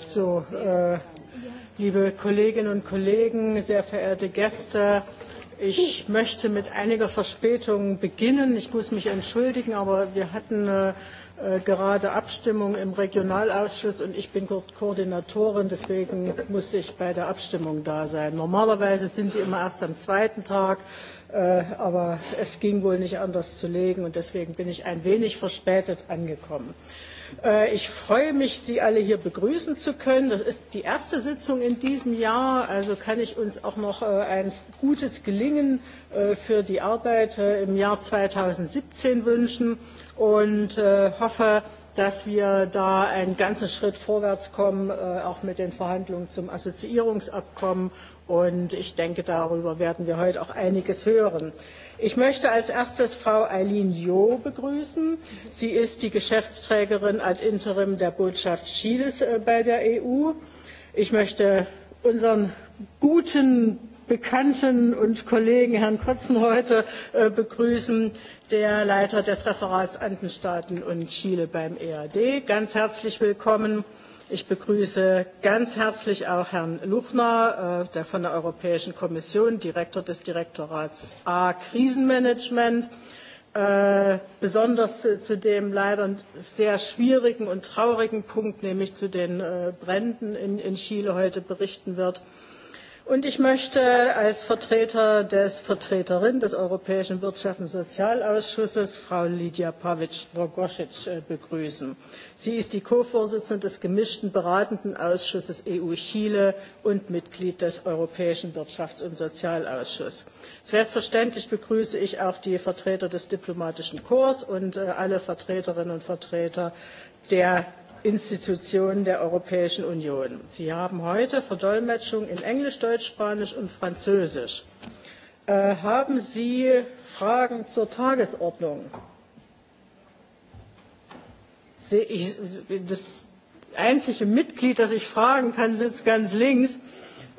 So, äh, liebe Kolleginnen und Kollegen, sehr verehrte Gäste, ich möchte mit einiger Verspätung beginnen. Ich muss mich entschuldigen, aber wir hatten äh, äh gerade Abstimmung im Regionalausschuss und ich bin Koordinatorin, deswegen muss ich bei der Abstimmung da sein. Normalerweise sind Sie immer erst am zweiten Tag, äh, aber es ging wohl nicht anders zu legen und deswegen bin ich ein wenig verspätet angekommen. Äh, ich freue mich, Sie alle hier begrüßen zu können. Das ist die erste Sitzung in diesem Jahr, also kann ich uns auch noch äh, ein gutes Gelingen äh, für die Arbeit im Jahr 2017 wünschen und hoffe, dass wir da einen ganzen Schritt vorwärts kommen, auch mit den Verhandlungen zum Assoziierungsabkommen. Und ich denke, darüber werden wir heute auch einiges hören. Ich möchte als erstes Frau Eileen Jo begrüßen. Sie ist die Geschäftsträgerin ad interim der Botschaft Chiles äh, bei der EU. Ich möchte unseren guten Bekannten und Kollegen Herrn Kotzen heute äh, begrüßen, der Leiter des Referats Andenstaaten und Chile beim EAD. Ganz herzlich willkommen. Ich begrüße ganz herzlich auch Herrn Luchner, äh, der von der Europäischen Kommission, Direktor des Direktorats A Krisenmanagement, äh, besonders zu dem leider sehr schwierigen und traurigen Punkt, nämlich zu den äh, Bränden in Chile heute berichten wird. Und ich möchte als Vertreter des Vertreterin des Europäischen Wirtschafts- und Sozialausschusses, Frau Lidia Pavic-Rogosic, äh, begrüßen. Sie ist die Co-Vorsitzende des gemischten beratenden Ausschusses EU-Chile und Mitglied des Europäischen Wirtschafts- und Sozialausschusses. Selbstverständlich begrüße ich auch die Vertreter des diplomatischen Korps und äh, alle Vertreterinnen und Vertreter der Institutionen der Europäischen Union. Sie haben heute Verdolmetschung in Englisch, Deutsch, Spanisch und Französisch. Äh, haben Sie Fragen zur Tagesordnung? ich, das einzige Mitglied, das ich fragen kann, sitzt ganz links.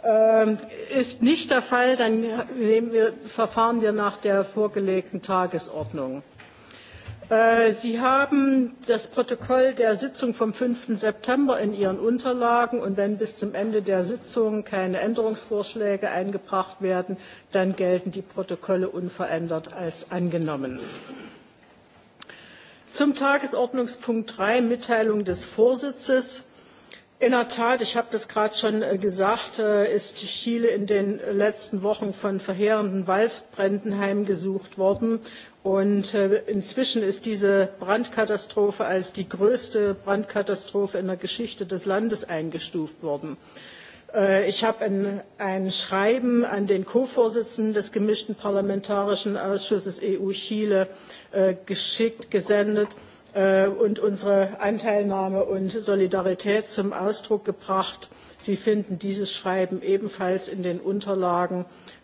Ähm, ist nicht der Fall, dann nehmen wir, verfahren wir nach der vorgelegten Tagesordnung. Äh, Sie haben das Protokoll der Sitzung vom 5. September in Ihren Unterlagen und wenn bis zum Ende der Sitzung keine Änderungsvorschläge eingebracht werden, dann gelten die Protokolle unverändert als angenommen. Zum Tagesordnungspunkt 3, Mitteilung des Vorsitzes. In der Tat, ich habe das gerade schon äh, gesagt, äh, ist Chile in den letzten Wochen von verheerenden Waldbränden heimgesucht worden Und äh, inzwischen ist diese Brandkatastrophe als die größte Brandkatastrophe in der Geschichte des Landes eingestuft worden. Äh, ich habe ein, ein Schreiben an den Co-Vorsitzenden des gemischten parlamentarischen Ausschusses EU-Chile äh, geschickt, gesendet und unsere Anteilnahme und Solidarität zum Ausdruck gebracht. Sie finden dieses Schreiben ebenfalls in den Unterlagen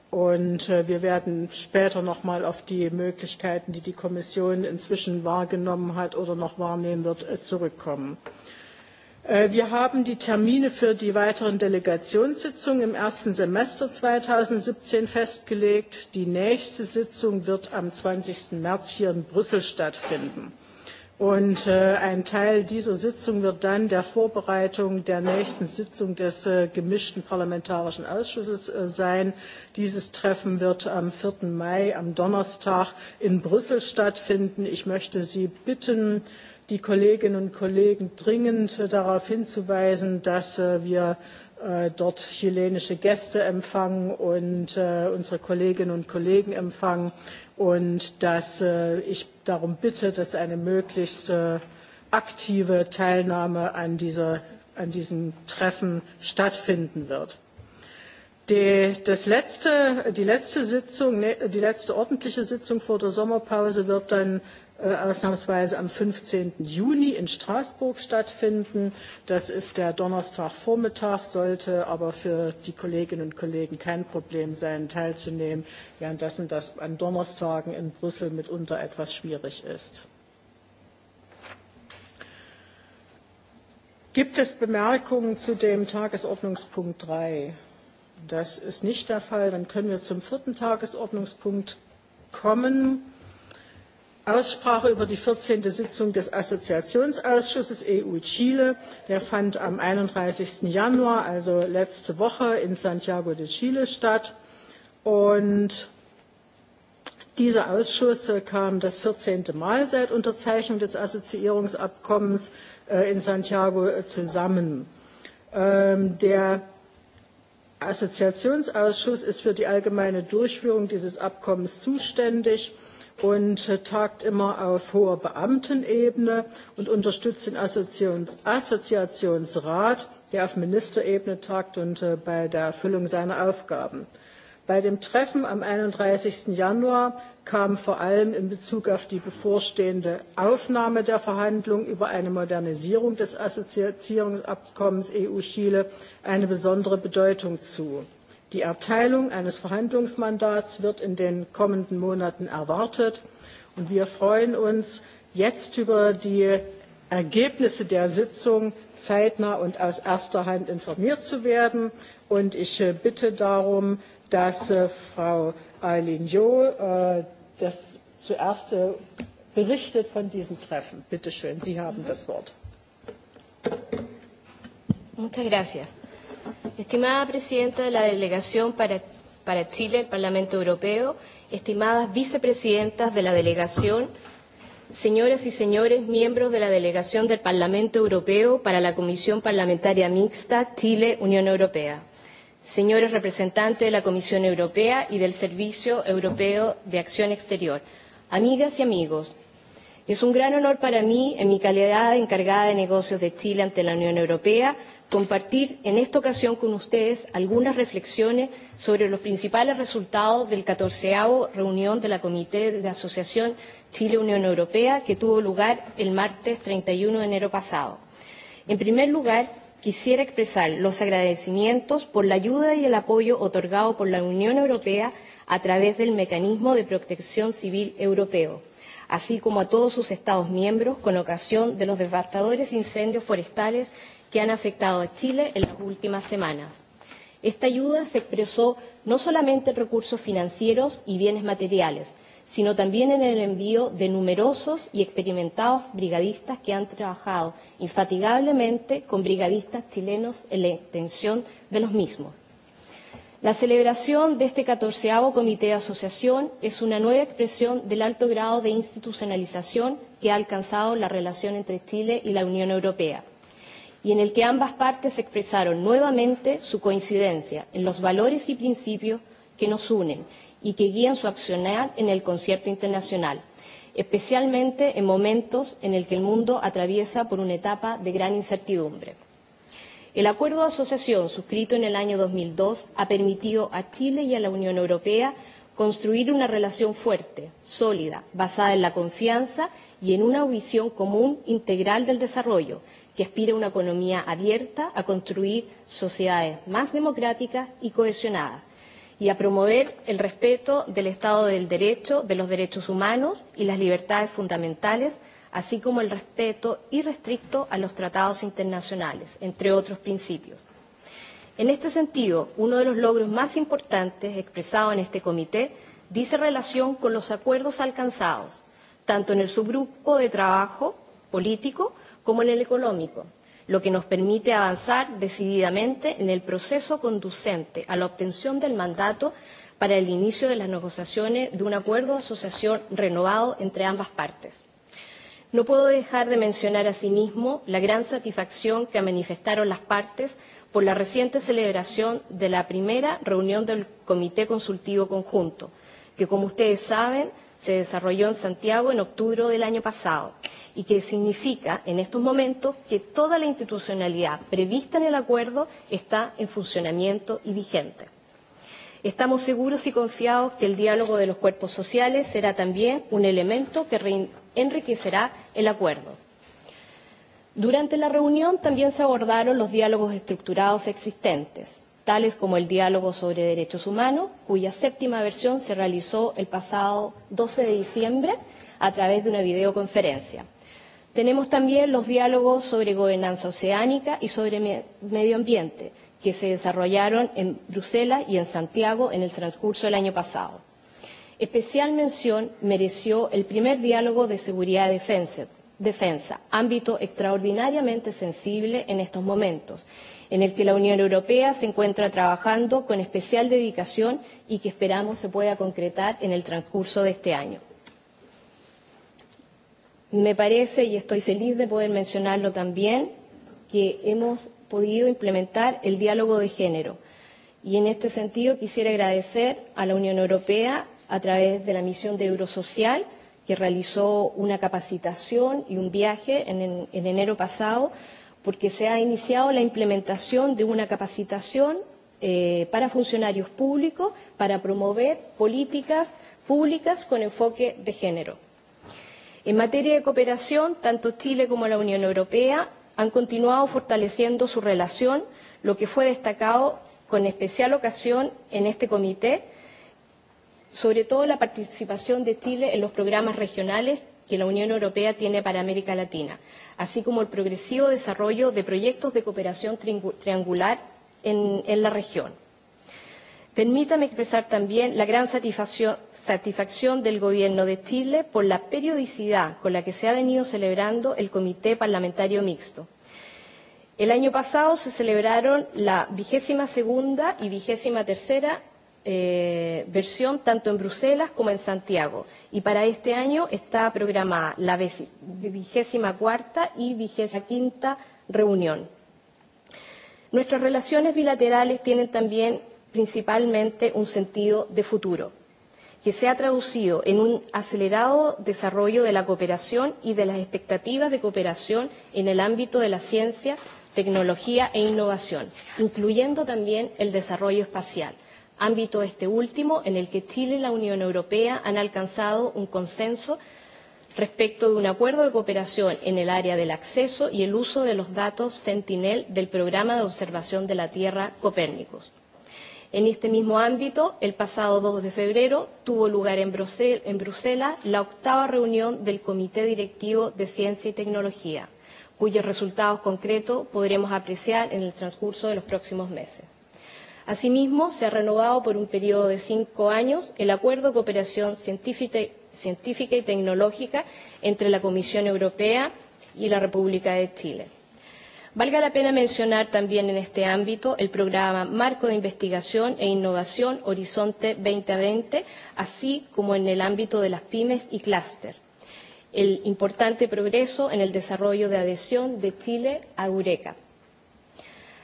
Und äh, wir werden später noch mal auf die Möglichkeiten, die die Kommission inzwischen wahrgenommen hat oder noch wahrnehmen wird, äh, zurückkommen. Äh, wir haben die Termine für die weiteren Delegationssitzungen im ersten Semester 2017 festgelegt. Die nächste Sitzung wird am 20. März hier in Brüssel stattfinden. Und äh, ein Teil dieser Sitzung wird dann der Vorbereitung der nächsten Sitzung des äh, gemischten parlamentarischen Ausschusses äh, sein. Dieses Treffen wird am 4. Mai, am Donnerstag in Brüssel stattfinden. Ich möchte Sie bitten, die Kolleginnen und Kollegen dringend darauf hinzuweisen, dass wir dort chilenische Gäste empfangen und unsere Kolleginnen und Kollegen empfangen und dass ich darum bitte, dass eine möglichst äh, aktive Teilnahme an, dieser, an diesen Treffen stattfinden wird. Die, das letzte, die, letzte Sitzung, die letzte ordentliche Sitzung vor der Sommerpause wird dann Äh, ausnahmsweise am 15. Juni in Straßburg stattfinden. Das ist der Donnerstagvormittag, sollte aber für die Kolleginnen und Kollegen kein Problem sein, teilzunehmen, währenddessen das an Donnerstagen in Brüssel mitunter etwas schwierig ist. Gibt es Bemerkungen zu dem Tagesordnungspunkt 3? Das ist nicht der Fall. Dann können wir zum vierten Tagesordnungspunkt kommen. Aussprache über die 14. Sitzung des Assoziationsausschusses EU-Chile. Der fand am 31. Januar, also letzte Woche, in Santiago de Chile statt. Und dieser Ausschuss kam das 14. Mal seit Unterzeichnung des Assoziierungsabkommens äh, in Santiago äh, zusammen. Ähm, der Assoziationsausschuss ist für die allgemeine Durchführung dieses Abkommens zuständig und tagt immer auf hoher Beamtenebene und unterstützt den Assoziations Assoziationsrat, der auf Ministerebene tagt und äh, bei der Erfüllung seiner Aufgaben. Bei dem Treffen am 31. Januar kam vor allem in Bezug auf die bevorstehende Aufnahme der Verhandlungen über eine Modernisierung des Assoziierungsabkommens EU-Chile eine besondere Bedeutung zu. Die Erteilung eines Verhandlungsmandats wird in den kommenden Monaten erwartet, und wir freuen uns jetzt über die Ergebnisse der Sitzung zeitnah und aus erster Hand informiert zu werden. Und ich äh, bitte darum, dass äh, Frau Eileen Jo äh, das zuerst berichtet von diesem Treffen. Bitte schön, Sie haben das Wort. Muchas gracias estimada presidenta de la Delegación para, para Chile, el Parlamento Europeo, estimadas vicepresidentas de la Delegación, señoras y señores miembros de la Delegación del Parlamento Europeo para la Comisión Parlamentaria Mixta Chile-Unión Europea, señores representantes de la Comisión Europea y del Servicio Europeo de Acción Exterior, amigas y amigos, es un gran honor para mí, en mi calidad de encargada de negocios de Chile ante la Unión Europea, compartir en esta ocasión con ustedes algunas reflexiones sobre los principales resultados del 14 reunión de la Comité de Asociación Chile-Unión Europea que tuvo lugar el martes 31 de enero pasado. En primer lugar, quisiera expresar los agradecimientos por la ayuda y el apoyo otorgado por la Unión Europea a través del Mecanismo de Protección Civil Europeo, así como a todos sus Estados miembros con ocasión de los devastadores incendios forestales que han afectado a Chile en las últimas semanas. Esta ayuda se expresó no solamente en recursos financieros y bienes materiales, sino también en el envío de numerosos y experimentados brigadistas que han trabajado infatigablemente con brigadistas chilenos en la extensión de los mismos. La celebración de este catorceavo Comité de Asociación es una nueva expresión del alto grado de institucionalización que ha alcanzado la relación entre Chile y la Unión Europea y en el que ambas partes expresaron nuevamente su coincidencia en los valores y principios que nos unen y que guían su accionar en el concierto internacional, especialmente en momentos en el que el mundo atraviesa por una etapa de gran incertidumbre. El acuerdo de asociación suscrito en el año 2002 ha permitido a Chile y a la Unión Europea construir una relación fuerte, sólida, basada en la confianza y en una visión común integral del desarrollo, que aspira a una economía abierta, a construir sociedades más democráticas y cohesionadas y a promover el respeto del Estado del Derecho, de los derechos humanos y las libertades fundamentales, así como el respeto irrestricto a los tratados internacionales, entre otros principios. En este sentido, uno de los logros más importantes expresado en este comité dice relación con los acuerdos alcanzados, tanto en el subgrupo de trabajo político como en el económico, lo que nos permite avanzar decididamente en el proceso conducente a la obtención del mandato para el inicio de las negociaciones de un acuerdo de asociación renovado entre ambas partes. No puedo dejar de mencionar asimismo la gran satisfacción que manifestaron las partes por la reciente celebración de la primera reunión del Comité Consultivo Conjunto, que como ustedes saben se desarrolló en Santiago en octubre del año pasado y que significa en estos momentos que toda la institucionalidad prevista en el acuerdo está en funcionamiento y vigente. Estamos seguros y confiados que el diálogo de los cuerpos sociales será también un elemento que enriquecerá el acuerdo. Durante la reunión también se abordaron los diálogos estructurados existentes tales como el diálogo sobre derechos humanos, cuya séptima versión se realizó el pasado 12 de diciembre a través de una videoconferencia. Tenemos también los diálogos sobre gobernanza oceánica y sobre medio ambiente, que se desarrollaron en Bruselas y en Santiago en el transcurso del año pasado. Especial mención mereció el primer diálogo de seguridad y Defensa, defensa, ámbito extraordinariamente sensible en estos momentos, en el que la Unión Europea se encuentra trabajando con especial dedicación y que esperamos se pueda concretar en el transcurso de este año. Me parece, y estoy feliz de poder mencionarlo también, que hemos podido implementar el diálogo de género. Y en este sentido quisiera agradecer a la Unión Europea, a través de la misión de Eurosocial, que realizó una capacitación y un viaje en, en, enero pasado, porque se ha iniciado la implementación de una capacitación eh, para funcionarios públicos para promover políticas públicas con enfoque de género. En materia de cooperación, tanto Chile como la Unión Europea han continuado fortaleciendo su relación, lo que fue destacado con especial ocasión en este comité sobre todo la participación de Chile en los programas regionales que la Unión Europea tiene para América Latina, así como el progresivo desarrollo de proyectos de cooperación triangular en, en la región. Permítame expresar también la gran satisfacción del Gobierno de Chile por la periodicidad con la que se ha venido celebrando el Comité Parlamentario Mixto. El año pasado se celebraron la vigésima segunda y vigésima tercera eh, versión tanto en Bruselas como en Santiago. Y para este año está programada la vigésima cuarta y vigésima quinta reunión. Nuestras relaciones bilaterales tienen también principalmente un sentido de futuro, que se ha traducido en un acelerado desarrollo de la cooperación y de las expectativas de cooperación en el ámbito de la ciencia, tecnología e innovación, incluyendo también el desarrollo espacial ámbito este último en el que Chile y la Unión Europea han alcanzado un consenso respecto de un acuerdo de cooperación en el área del acceso y el uso de los datos Sentinel del programa de observación de la Tierra Copérnicus. En este mismo ámbito, el pasado 2 de febrero tuvo lugar en, en Bruselas la octava reunión del Comité Directivo de Ciencia y Tecnología, cuyos resultados concretos podremos apreciar en el transcurso de los próximos meses. Asimismo, se ha renovado por un periodo de cinco años el Acuerdo de Cooperación Científica y Tecnológica entre la Comisión Europea y la República de Chile. Valga la pena mencionar también en este ámbito el programa Marco de Investigación e Innovación Horizonte 2020, así como en el ámbito de las pymes y clúster, el importante progreso en el desarrollo de adhesión de Chile a Eureka.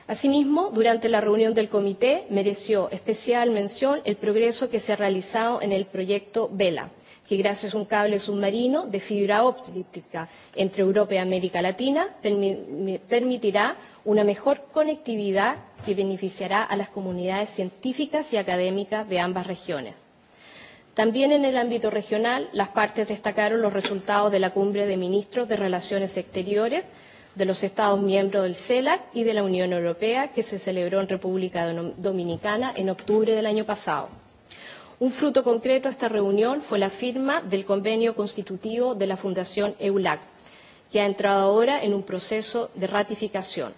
Asimismo, durante la reunión del comité mereció especial mención el progreso que se ha realizado en el proyecto Vela, que gracias a un cable submarino de fibra óptica entre Europa y América Latina permitirá una mejor conectividad que beneficiará a las comunidades científicas y académicas de ambas regiones. También en el ámbito regional, las partes destacaron los resultados de la cumbre de ministros de Relaciones Exteriores de los Estados miembros del CELAC e y de la Unión Europea, que se celebró en República Dominicana en octubre del año pasado. Un fruto concreto de esta reunión fue la firma del convenio constitutivo de la Fundación EULAC, que ha entrado ahora en un proceso de ratificación.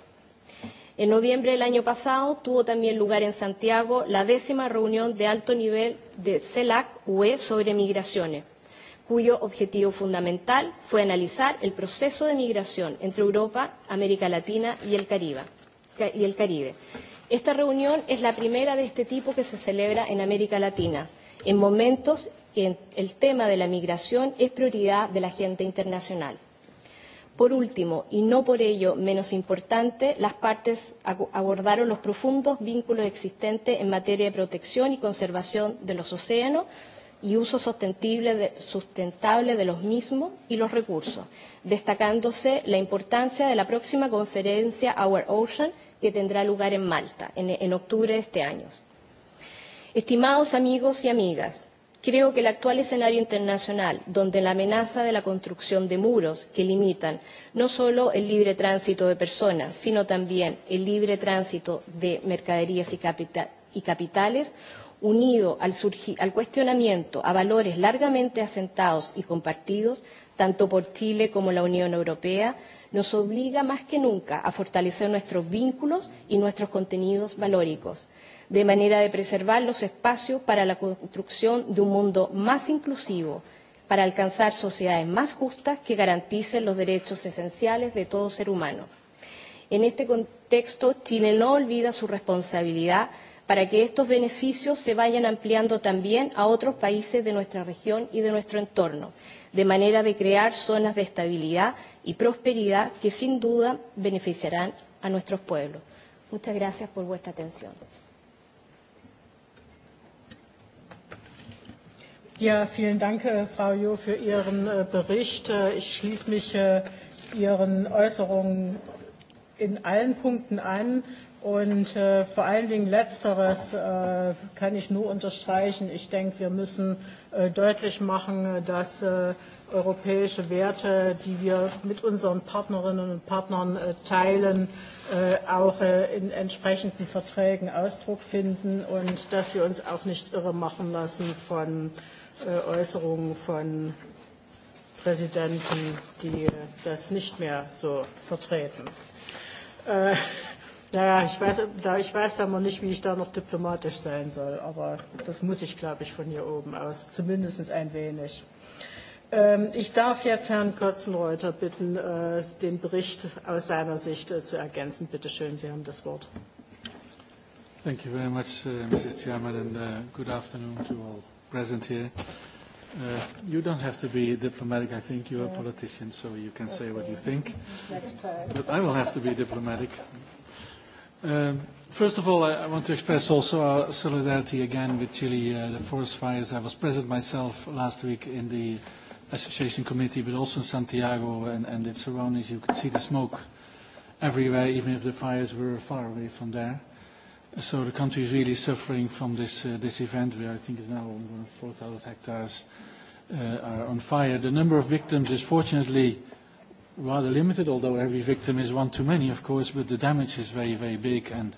En noviembre del año pasado tuvo también lugar en Santiago la décima reunión de alto nivel de CELAC UE e sobre migraciones cuyo objetivo fundamental fue analizar el proceso de migración entre Europa, América Latina y el Caribe. Y el Caribe. Esta reunión es la primera de este tipo que se celebra en América Latina, en momentos que el tema de la migración es prioridad de la agenda internacional. Por último, y no por ello menos importante, las partes abordaron los profundos vínculos existentes en materia de protección y conservación de los océanos, y uso sostenible de, sustentable de los mismos y los recursos, destacándose la importancia de la próxima conferencia Our Ocean que tendrá lugar en Malta en, en octubre de este año. Estimados amigos y amigas, creo que el actual escenario internacional, donde la amenaza de la construcción de muros que limitan no solo el libre tránsito de personas, sino también el libre tránsito de mercaderías y capitales, unido al, al cuestionamiento a valores largamente asentados y compartidos tanto por Chile como la Unión Europea, nos obliga más que nunca a fortalecer nuestros vínculos y nuestros contenidos valóricos, de manera de preservar los espacios para la construcción de un mundo más inclusivo, para alcanzar sociedades más justas que garanticen los derechos esenciales de todo ser humano. En este contexto, Chile no olvida su responsabilidad para que estos beneficios se vayan ampliando también a otros países de nuestra región y de nuestro entorno, de manera de crear zonas de estabilidad y prosperidad que sin duda beneficiarán a nuestros pueblos. Muchas gracias por vuestra atención. Ja, vielen Dank, äh, Frau Jo, für Ihren äh, Bericht. Äh, ich schließe mich Ihren Äußerungen in allen Punkten an. Und äh, vor allen Dingen letzteres äh, kann ich nur unterstreichen. Ich denke, wir müssen äh, deutlich machen, äh, dass äh, europäische Werte, die wir mit unseren Partnerinnen und Partnern äh, teilen, äh, auch äh, in entsprechenden Verträgen Ausdruck finden und dass wir uns auch nicht irre machen lassen von äh, Äußerungen von Präsidenten, die äh, das nicht mehr so vertreten. Äh, Naja, ich weiß, da, ich weiß aber nicht, wie ich da noch diplomatisch sein soll, aber das muss ich, glaube ich, von hier oben aus, zumindest ein wenig. Ähm, ich darf jetzt Herrn Kotzenreuter bitten, äh, den Bericht aus seiner Sicht äh, zu ergänzen. Bitte schön, Sie haben das Wort. Thank you very much, uh, Mrs. Chairman, and uh, good afternoon to all present here. Uh, you don't have to be diplomatic. I think are a politician, so you can say what you think. Next time. But I will have to be diplomatic. Um, first of all, I, want to express also our solidarity again with Chile, uh, the forest fires. I was present myself last week in the association committee, but also in Santiago and, and its surroundings. You could see the smoke everywhere, even if the fires were far away from there. So the country is really suffering from this, uh, this event, where I think is now 4,000 hectares uh, are on fire. The number of victims is fortunately rather limited, although every victim is one too many, of course, but the damage is very, very big and,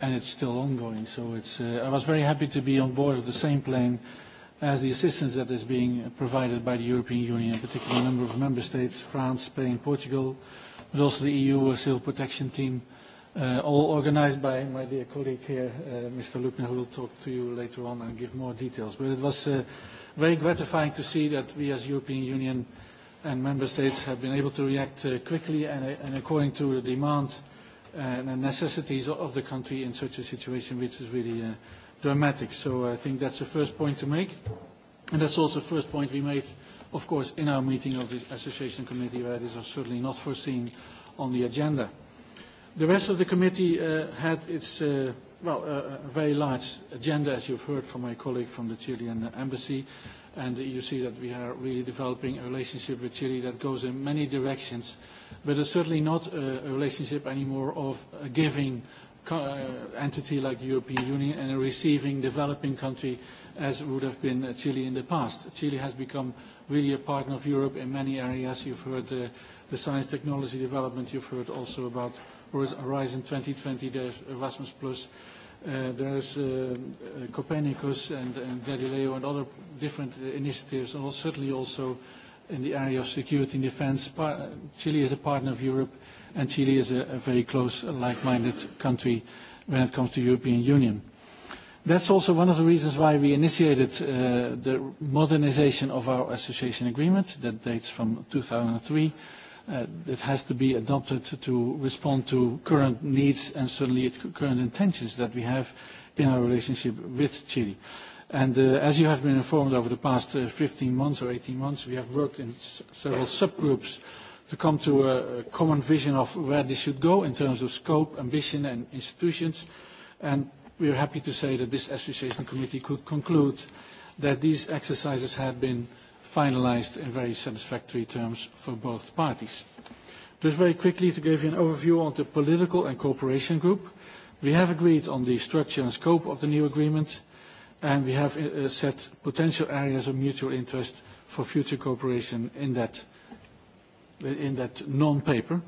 and it's still ongoing. So it's, uh, I was very happy to be on board of the same plane as the assistance that is being provided by the European Union, particularly a number of member states, France, Spain, Portugal, but also the EU Civil Protection Team, uh, all organized by my dear colleague here, uh, Mr. Lukner, who will talk to you later on and give more details. But it was uh, very gratifying to see that we as European Union – and member states have been able to react uh, quickly and, uh, and according to the demand uh, and the necessities of the country in such a situation which is really uh, dramatic. So I think that's the first point to make. And that's also the first point we made, of course, in our meeting of the Association Committee where this was certainly not foreseen on the agenda. The rest of the committee uh, had its, uh, well, uh, a uh, very large agenda, as you've heard from my colleague from the Chilean embassy. And you see that we are really developing a relationship with Chile that goes in many directions. But it's certainly not a, a relationship anymore of a giving uh, entity like the European Union and a receiving developing country as would have been Chile in the past. Chile has become really a partner of Europe in many areas. You've heard the, the science technology development. You've heard also about Horizon 2020, there's Erasmus+, Plus, there uh, there's uh, uh, Copernicus and, Galileo and other different initiatives, and certainly also in the area of security and defense. Pa, Chile is a partner of Europe, and Chile is a, very close, like-minded country when it comes to European Union. That's also one of the reasons why we initiated the modernization of our association agreement that dates from 2003, Uh, it has to be adopted to respond to current needs and certainly current intentions that we have in our relationship with Chile. And uh, as you have been informed over the past uh, 15 months or 18 months, we have worked in s several subgroups to come to a, a common vision of where this should go in terms of scope, ambition and institutions. And we are happy to say that this association committee could conclude that these exercises have been finalized in very satisfactory terms for both parties. Just very quickly to give you an overview on the political and cooperation group. We have agreed on the structure and scope of the new agreement, and we have uh, set potential areas of mutual interest for future cooperation in that, uh, in that non-paper,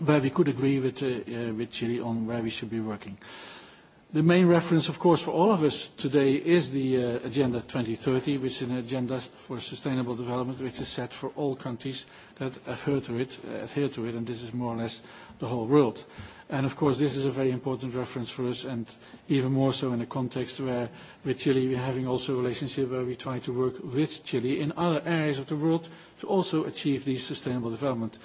where we could agree with, uh, with Chile on where we should be working. The main reference, of course, for all of us today is the uh, Agenda 2030, which is an agenda for sustainable development, which is set for all countries that adhere to it, uh, adhere to it, and this is more or less the whole world. And of course, this is a very important reference for us, and even more so in a context where with Chile, we're having also a relationship where we try to work with Chile in other areas of the world to also achieve these sustainable development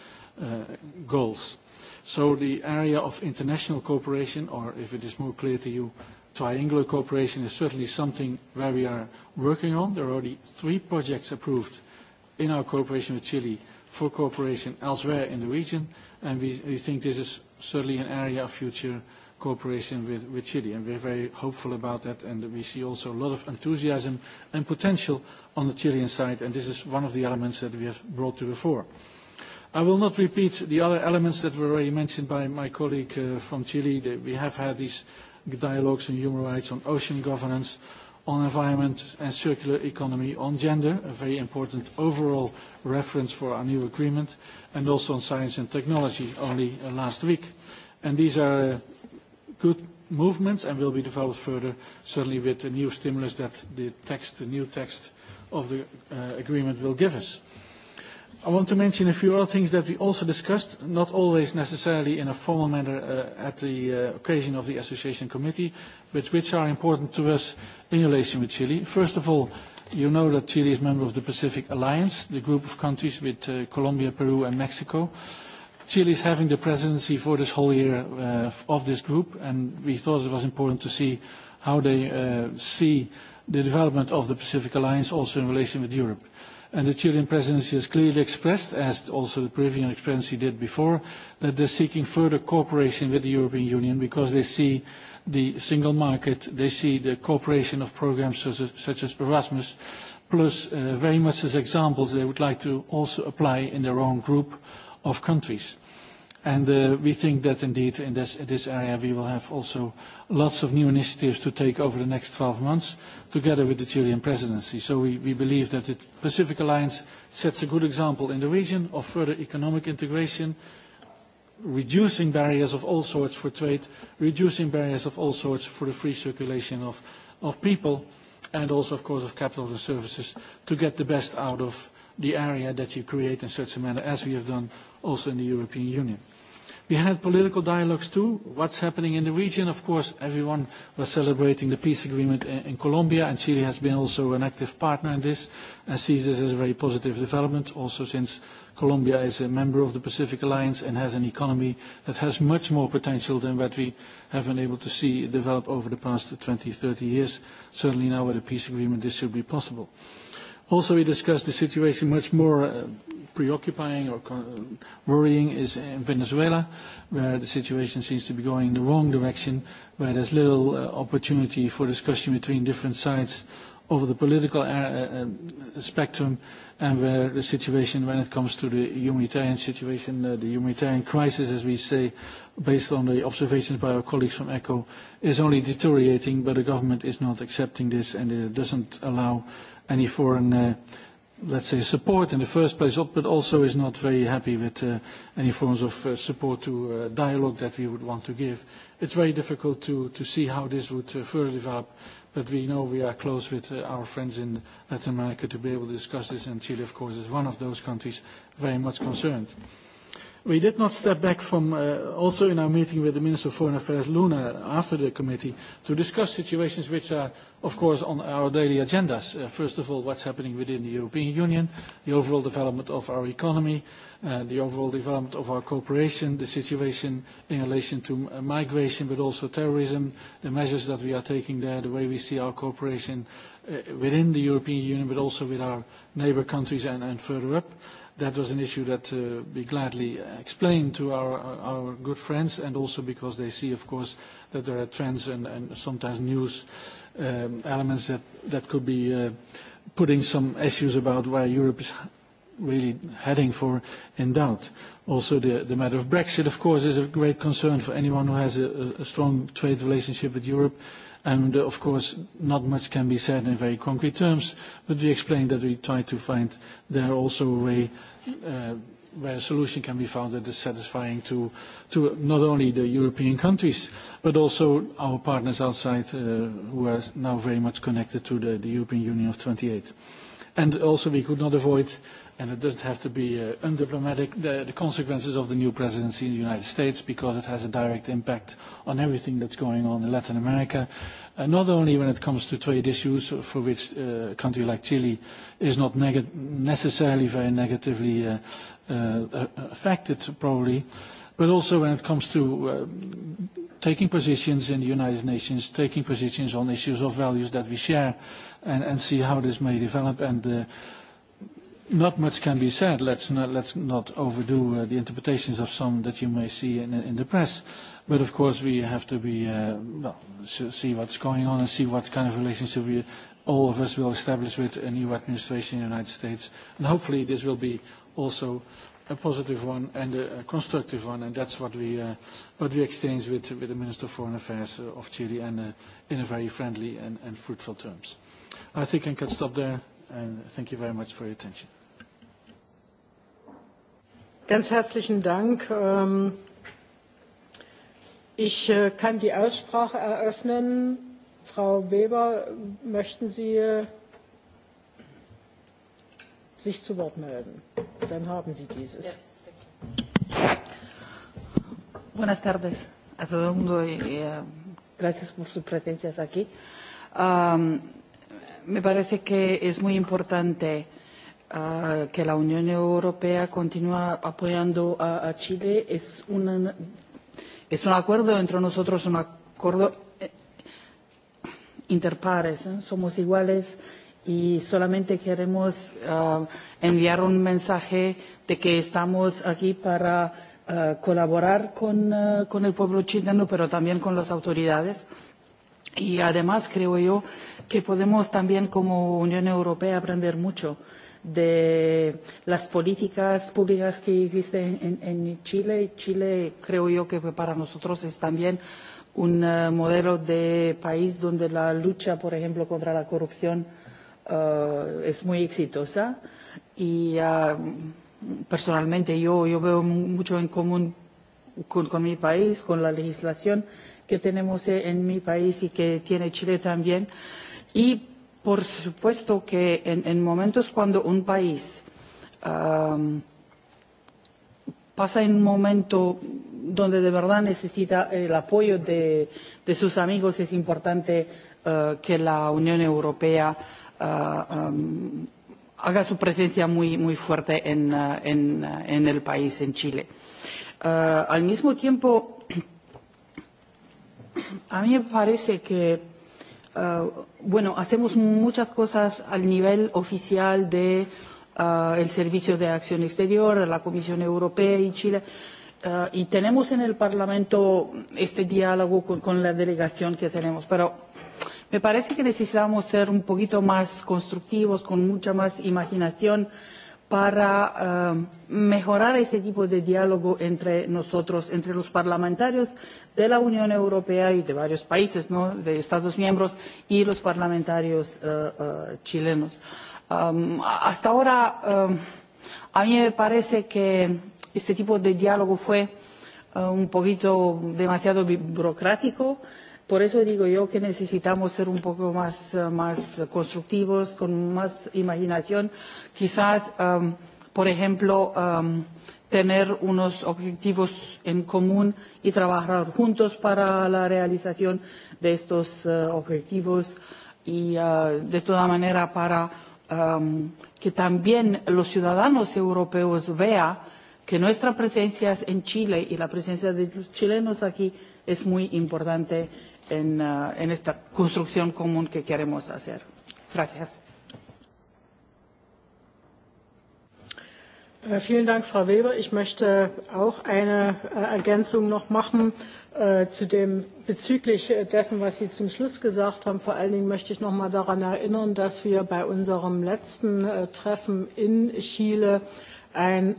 uh, goals. So the area of international cooperation, or if it is more clear to you, triangular cooperation is certainly something where we are working on. There are already three projects approved in our cooperation with Chile for cooperation elsewhere in the region, and we, think this is certainly an area of future cooperation with, with Chile, and we're very hopeful about that, and we see also a lot of enthusiasm and potential on the Chilean side, and this is one of the elements that we have brought to the fore. I will not repeat the other elements that were already mentioned by my colleague uh, from Chile. we have had these dialogues on human rights, on ocean governance, on environment and circular economy, on gender, a very important overall reference for our new agreement, and also on science and technology only uh, last week. And these are uh, good movements and will be developed further, certainly with the new stimulus that the text, the new text of the agreement will give us. I want to mention a few other things that we also discussed, not always necessarily in a formal manner uh, at the uh, occasion of the Association Committee, but which are important to us in relation with Chile. First of all, you know that Chile is a member of the Pacific Alliance, the group of countries with uh, Colombia, Peru and Mexico. Chile is having the presidency for this whole year uh, of this group, and we thought it was important to see how they uh, see the development of the Pacific Alliance also in relation with Europe. And the Chilean presidency has clearly expressed, as also the Peruvian presidency did before, that they're seeking further cooperation with the European Union because they see the single market, they see the cooperation of programs such as, such Erasmus, plus uh, very much as examples they would like to also apply in their own group of countries. And uh, we think that indeed in this, area we will have also lots of new initiatives to take over the next 12 months together with the Chilean presidency. So we, believe that the Pacific Alliance sets a good example in the region of further economic integration, reducing barriers of all sorts for trade, reducing barriers of all sorts for the free circulation of, of people, and also, of course, of capital and services to get the best out of the area that you create in such a manner as we have done also in the European Union. We had political dialogues too. What's happening in the region? Of course, everyone was celebrating the peace agreement in, in Colombia, and Chile has been also an active partner in this and sees this as a very positive development, also since Colombia is a member of the Pacific Alliance and has an economy that has much more potential than what we have been able to see develop over the past 20, 30 years. Certainly now with a peace agreement, this should be possible. Also, we discussed the situation much more uh, preoccupying or worrying is in Venezuela, where the situation seems to be going in the wrong direction, where there's little uh, opportunity for discussion between different sides over the political uh, uh, spectrum and where the situation when it comes to the humanitarian situation, the humanitarian crisis, as we say, based on the observations by our colleagues from ECHO, is only deteriorating, but the government is not accepting this and it doesn't allow any foreign let's say, support in the first place, but also is not very happy with uh, any forms of uh, support to uh, dialogue that we would want to give. It's very difficult to, to see how this would uh, further develop, but we know we are close with our friends in Latin America to be able to discuss this, and Chile, of course, is one of those countries very much concerned. We did not step back from, also in our meeting with the Minister of Foreign Affairs, Luna, after the committee, to discuss situations which are of course, on our daily agendas. Uh, first of all, what's happening within the European Union, the overall development of our economy, uh, the overall development of our cooperation, the situation in relation to uh, migration, but also terrorism, the measures that we are taking there, the way we see our cooperation within the European Union, but also with our neighbor countries and, and further up. That was an issue that we gladly explained to our, our good friends, and also because they see, of course, that there are trends and, sometimes news um, elements that, that could be uh, putting some issues about where Europe is really heading for in doubt. Also, the, the matter of Brexit, of course, is of great concern for anyone who has a, strong trade relationship with Europe. And, uh, of course, not much can be said in very concrete terms, but we explained that we try to find there also a way uh, where a solution can be found that is satisfying to, to not only the European countries, but also our partners outside uh, who are now very much connected to the, the European Union of 28. And also we could not avoid, and it doesn't have to be uh, undiplomatic, the, the consequences of the new presidency in the United States because it has a direct impact on everything that's going on in Latin America Uh, not only when it comes to trade issues, for which a uh, country like Chile is not necessarily very negatively uh, affected, probably, but also when it comes to taking positions in the United Nations, taking positions on issues of values that we share, and, and see how this may develop. And not much can be said. Let's not, let's not overdo the interpretations of some that you may see in the press But of course, we have to be uh, well, see what's going on and see what kind of relationship we all of us will establish with a new administration in the United States. And hopefully, this will be also a positive one and a constructive one, and that's what we uh, what we exchange with with the Minister of Foreign Affairs of Chile, and uh, in a very friendly and, and fruitful terms. I think I can stop there, and thank you very much for your attention. Ganz herzlichen Dank. Um... Ich äh, kann die Aussprache eröffnen. Frau Weber, möchten Sie äh, sich zu Wort melden? Dann haben Sie dieses. Buenas tardes a todo el mundo y eh, gracias por sus presencias aquí. Um, me parece que es muy importante uh, que la Unión Europea continúe apoyando a, a Chile. Es una Es un acuerdo entre nosotros, un acuerdo eh, interpares. ¿eh? Somos iguales y solamente queremos uh, enviar un mensaje de que estamos aquí para uh, colaborar con, uh, con el pueblo chileno, pero también con las autoridades. Y además creo yo que podemos también como Unión Europea aprender mucho de las políticas públicas que existen en, en Chile. Chile creo yo que para nosotros es también un eh, modelo de país donde la lucha, por ejemplo, contra la corrupción uh, es muy exitosa y uh, personalmente yo, yo veo mucho en común con, con mi país, con la legislación que tenemos eh, en mi país y que tiene Chile también. Y Por supuesto que en, en momentos cuando un país um, pasa en un momento donde de verdad necesita el apoyo de, de sus amigos, es importante uh, que la Unión Europea uh, um, haga su presencia muy, muy fuerte en, uh, en, en el país, en Chile. Al mismo tiempo, a mí me parece que Eh, bueno, hacemos muchas cosas al nivel oficial de uh, Servicio de Acción Exterior, la Comisión Europea y Chile. Uh, y tenemos en el Parlamento este diálogo con, con la delegación que tenemos. Pero me parece que necesitamos ser un poquito más constructivos, con mucha más imaginación para eh, mejorar ese tipo de diálogo entre nosotros, entre los parlamentarios de la Unión Europea y de varios países, ¿no? de Estados miembros y los parlamentarios eh, eh chilenos. Um, hasta ahora, eh, a mí me parece que este tipo de diálogo fue un poquito demasiado burocrático, Por eso digo yo que necesitamos ser un poco más, eh, más constructivos, con más imaginación. Quizás, um, por ejemplo, tener unos objetivos en común y trabajar juntos para la realización de estos eh, objetivos y, eh, de toda manera, para um, que también los ciudadanos europeos vean que nuestra presencia en Chile y la presencia de los chilenos aquí es muy importante en, uh, en esta construcción común que queremos hacer. Gracias. Äh, vielen Dank, Frau Weber. Ich möchte auch eine äh, Ergänzung noch machen äh, zu dem bezüglich äh, dessen, was Sie zum Schluss gesagt haben. Vor allen Dingen möchte ich noch mal daran erinnern, dass wir bei unserem letzten äh, Treffen in Chile ein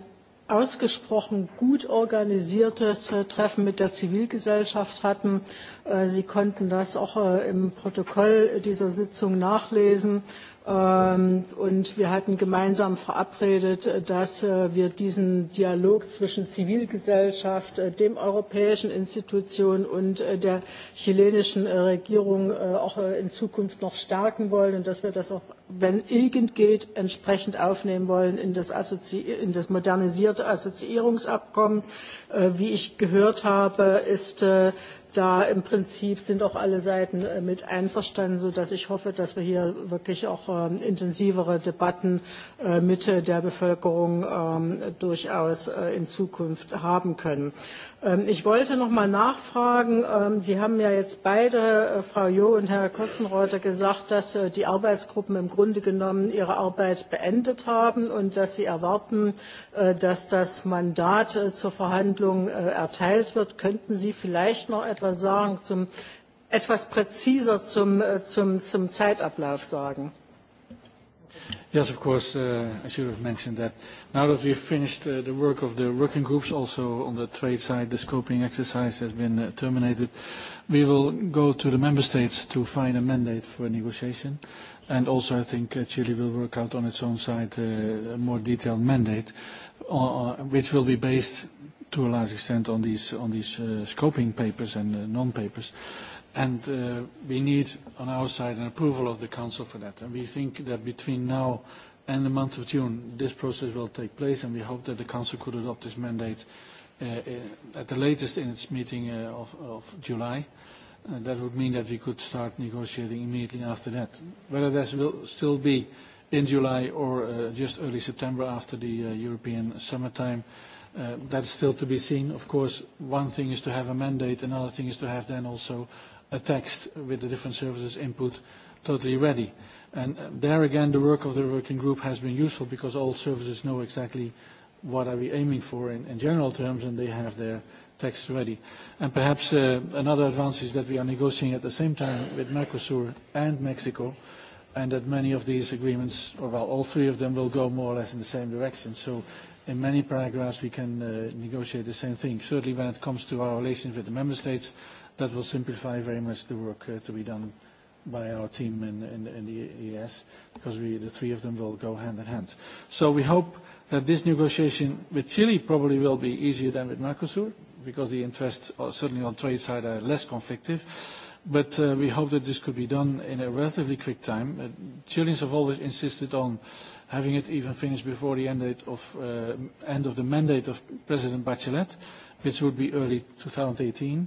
ausgesprochen gut organisiertes äh, Treffen mit der Zivilgesellschaft hatten. Äh, Sie konnten das auch äh, im Protokoll dieser Sitzung nachlesen. Ähm, und wir hatten gemeinsam verabredet, dass wir diesen Dialog zwischen Zivilgesellschaft, dem europäischen Institution und der chilenischen Regierung auch in Zukunft noch stärken wollen und dass wir das auch wenn irgend geht, entsprechend aufnehmen wollen in das, Assozi in das modernisierte Assoziierungsabkommen. Äh, wie ich gehört habe, ist äh, da im Prinzip sind auch alle Seiten äh, mit einverstanden, sodass ich hoffe, dass wir hier wirklich auch ähm, intensivere Debatten äh, mit der Bevölkerung ähm, durchaus äh, in Zukunft haben können. Ähm, ich wollte noch mal nachfragen, ähm, Sie haben ja jetzt beide, äh, Frau Jo und Herr Kotzenreuter, gesagt, dass äh, die Arbeitsgruppen im Grunde genommen ihre Arbeit beendet haben und dass Sie erwarten, äh, dass das Mandat zur Verhandlung erteilt wird. Könnten Sie vielleicht noch etwas sagen, zum, etwas präziser zum, zum, zum Zeitablauf sagen? Yes, of course, uh, I should have mentioned that. Now that we've finished uh, the work of the working groups, also on the trade side, the scoping exercise has been uh, terminated. We will go to the member states to find a mandate for negotiation. And also, I think Chile will work out on its own side a more detailed mandate, which will be based to a large extent on these, on these scoping papers and non-papers and uh, we need on our side an approval of the council for that and we think that between now and the month of june this process will take place and we hope that the council could adopt this mandate uh, uh, at the latest in its meeting uh, of, of july that would mean that we could start negotiating immediately after that whether this will still be in july or just early september after the european summertime that's still to be seen of course one thing is to have a mandate another thing is to have then also a text with the different services input totally ready. And there again, the work of the working group has been useful because all services know exactly what are we aiming for in, in general terms, and they have their text ready. And perhaps uh, another advance is that we are negotiating at the same time with Mercosur and Mexico, and that many of these agreements, or well, all three of them will go more or less in the same direction. So in many paragraphs we can uh, negotiate the same thing. Certainly when it comes to our relations with the member states, that will simplify very much the work uh, to be done by our team in, the ES, because we, the three of them will go hand in hand. So we hope that this negotiation with Chile probably will be easier than with Mercosur, because the interests, certainly on trade side, are less conflictive. But uh, we hope that this could be done in a relatively quick time. Uh, Chileans have always insisted on having it even finished before the end of uh, end of the mandate of President Bachelet, which would be early 2018.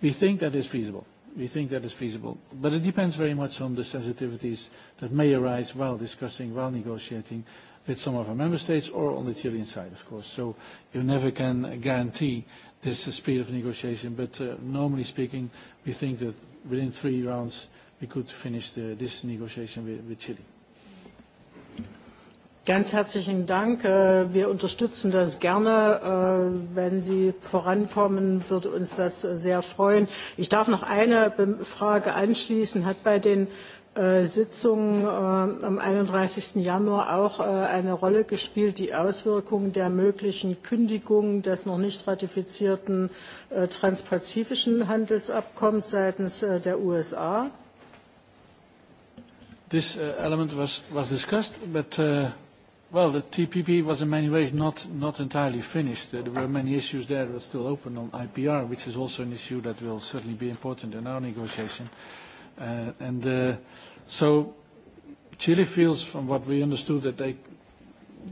We think that is feasible. We think that is feasible. But it depends very much on the sensitivities that may arise while discussing, while negotiating with some of our member states or on the Chilean side, of course. So you never can guarantee this speed of negotiation. But uh, normally speaking, we think that within three rounds, we could finish the, this negotiation with, with Chile. Ganz herzlichen Dank. Äh, wir unterstützen das gerne. Äh, wenn Sie vorankommen, würde uns das sehr freuen. Ich darf noch eine Frage anschließen. Hat bei den äh, Sitzungen am 31. Januar auch eine Rolle gespielt, die Auswirkungen der möglichen Kündigung des noch nicht ratifizierten transpazifischen Handelsabkommens seitens der USA. This uh, element was, was discussed, but uh, Well, the TPP was in many ways not, not entirely finished. There were many issues there that were still open on IPR, which is also an issue that will certainly be important in our negotiation. Uh, and uh, so Chile feels, from what we understood, that they,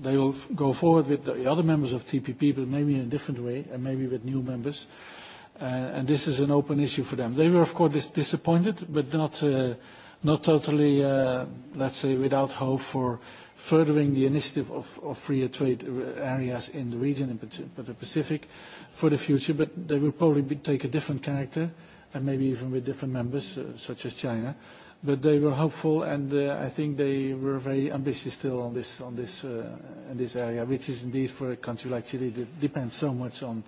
they will go forward with the other members of TPP, but maybe in a different way, and maybe with new members. Uh, and this is an open issue for them. They were, of course, disappointed, but not not totally, uh, let's say, without hope for furthering the initiative of, of freer trade areas in the region, in the Pacific, for the future, but they will probably be, take a different character and maybe even with different members, uh, such as China. But they were hopeful, and uh, I think they were very ambitious still on this, on this, uh, in this area, which is indeed for a country like Chile that depends so much on,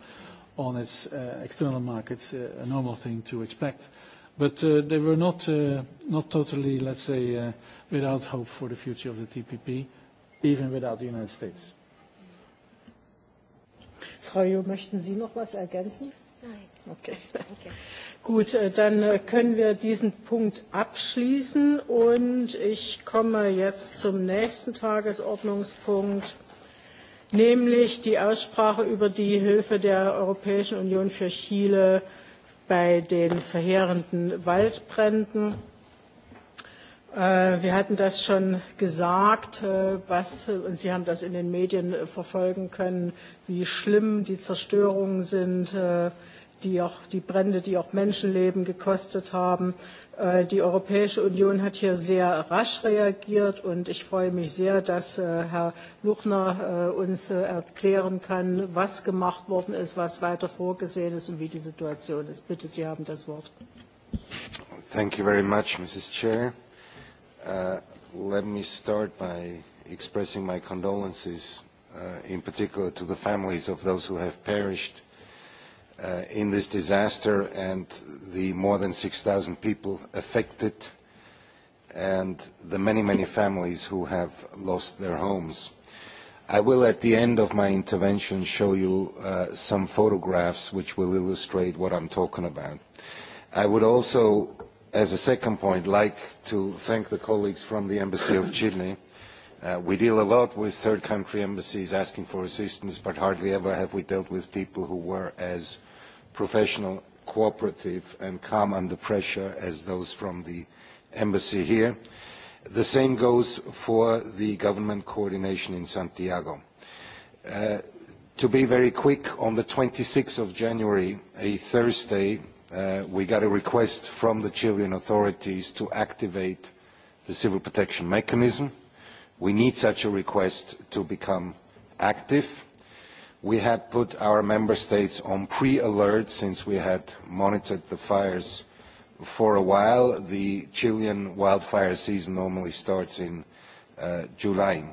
on its uh, external markets, uh, a normal thing to expect. But uh, they were not, uh, not totally, let's say, uh, without hope for the future of the TPP, even without the United States. Frau Jo, möchten Sie noch was ergänzen? Nein. Okay. danke. Gut, äh, dann äh, können wir diesen Punkt abschließen und ich komme jetzt zum nächsten Tagesordnungspunkt nämlich die Aussprache über die Hilfe der Europäischen Union für Chile bei den verheerenden Waldbränden. Äh, wir hatten das schon gesagt, äh, was, und Sie haben das in den Medien äh, verfolgen können, wie schlimm die Zerstörungen sind, die, auch, die Brände, die auch Menschenleben gekostet haben. Äh, die Europäische Union hat hier sehr rasch reagiert, und ich freue mich sehr, dass äh, Herr Luchner äh, uns erklären kann, was gemacht worden ist, was weiter vorgesehen ist und wie die Situation ist. Bitte, Sie haben das Wort. Thank you very much, Mrs. Chair. Uh, let me start by expressing my condolences, uh, in particular to the families of those who have perished Uh, in this disaster and the more than 6,000 people affected and the many, many families who have lost their homes. I will, at the end of my intervention, show you uh, some photographs which will illustrate what I'm talking about. I would also, as a second point, like to thank the colleagues from the Embassy of Chile. Uh, we deal a lot with third country embassies asking for assistance, but hardly ever have we dealt with people who were as professional, cooperative and calm under pressure as those from the embassy here. The same goes for the government coordination in Santiago. Uh, to be very quick, on the 26th of January, a Thursday, uh, we got a request from the Chilean authorities to activate the civil protection mechanism. We need such a request to become active we had put our member states on pre-alert since we had monitored the fires for a while. The Chilean wildfire season normally starts in uh, July.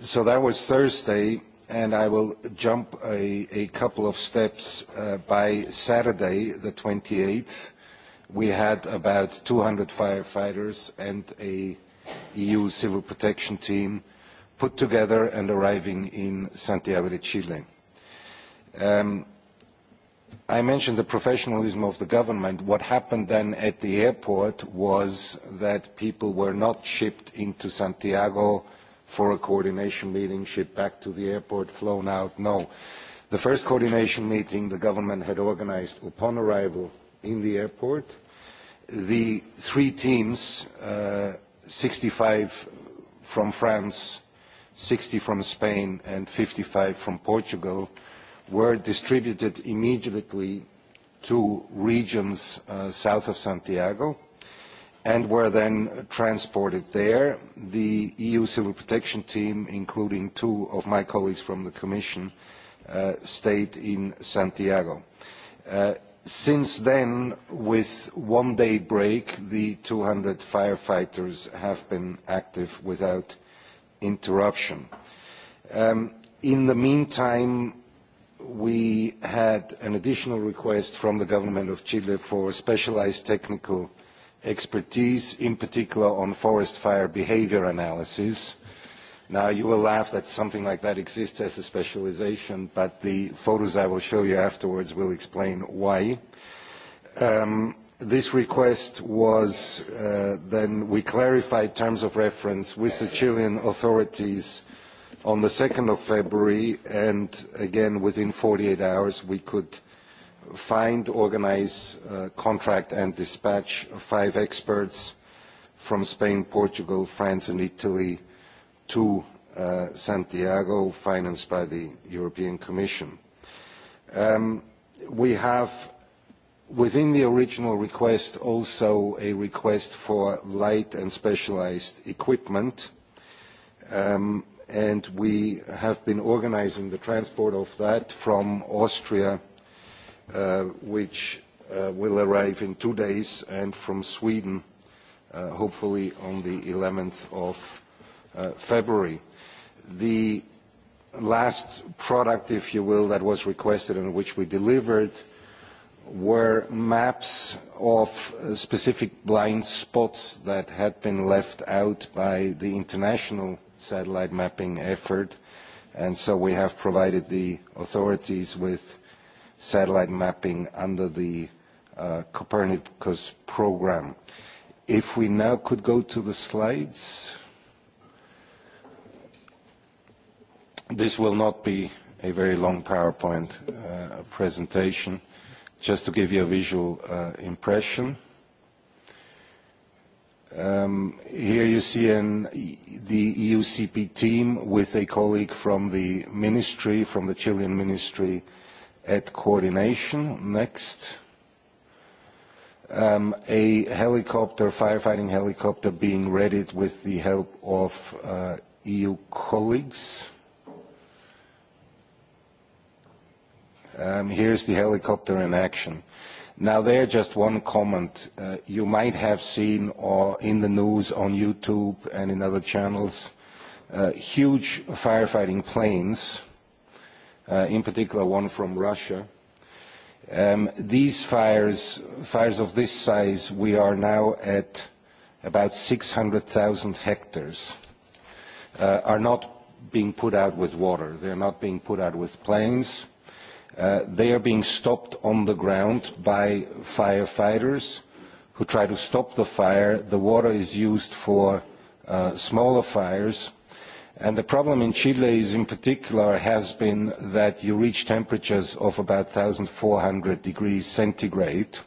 So that was Thursday, and I will jump a, couple of steps. Uh, by Saturday, the 28th, we had about 200 firefighters and a EU civil protection team put together and arriving in Santiago de Chile. Um, I mentioned the professionalism of the government. What happened then at the airport was that people were not shipped into Santiago for a coordination meeting, shipped back to the airport, flown out. No. The first coordination meeting the government had organized upon arrival in the airport. The three teams, uh, 65 from France, sixty from spain and fifty five from portugal were distributed immediately to regions uh, south of santiago and were then transported there. the eu civil protection team including two of my colleagues from the commission uh, stayed in santiago. Uh, since then with one day break the two hundred firefighters have been active without interruption. Um, in the meantime, we had an additional request from the government of Chile for specialized technical expertise, in particular on forest fire behavior analysis. Now, you will laugh that something like that exists as a specialization, but the photos I will show you afterwards will explain why. Um, this request was uh, then we clarified terms of reference with the Chilean authorities on the 2nd of February and again within 48 hours we could find, organize, uh, contract and dispatch five experts from Spain, Portugal, France and Italy to uh, Santiago financed by the European Commission. Um, we have Within the original request, also a request for light and specialized equipment, um, and we have been organizing the transport of that from Austria, uh, which uh, will arrive in two days, and from Sweden, uh, hopefully on the 11th of uh, February. The last product, if you will, that was requested and which we delivered were maps of uh, specific blind spots that had been left out by the international satellite mapping effort and so we have provided the authorities with satellite mapping under the uh, Copernicus program. If we now could go to the slides. This will not be a very long PowerPoint uh, presentation just to give you a visual uh, impression. Um, here you see the EUCP team with a colleague from the ministry, from the Chilean ministry at coordination. Next. Um, a helicopter, firefighting helicopter being readied with the help of uh, EU colleagues. um, here's the helicopter in action. Now there just one comment. Uh, you might have seen or uh, in the news on YouTube and in other channels uh, huge firefighting planes, in particular one from Russia. Um, these fires, fires of this size, we are now at about 600,000 hectares, are not being put out with water. they are not being put out with planes Uh, they are being stopped on the ground by firefighters who try to stop the fire. The water is used for uh, smaller fires. And the problem in Chile is in particular has been that you reach temperatures of about 1,400 degrees centigrade,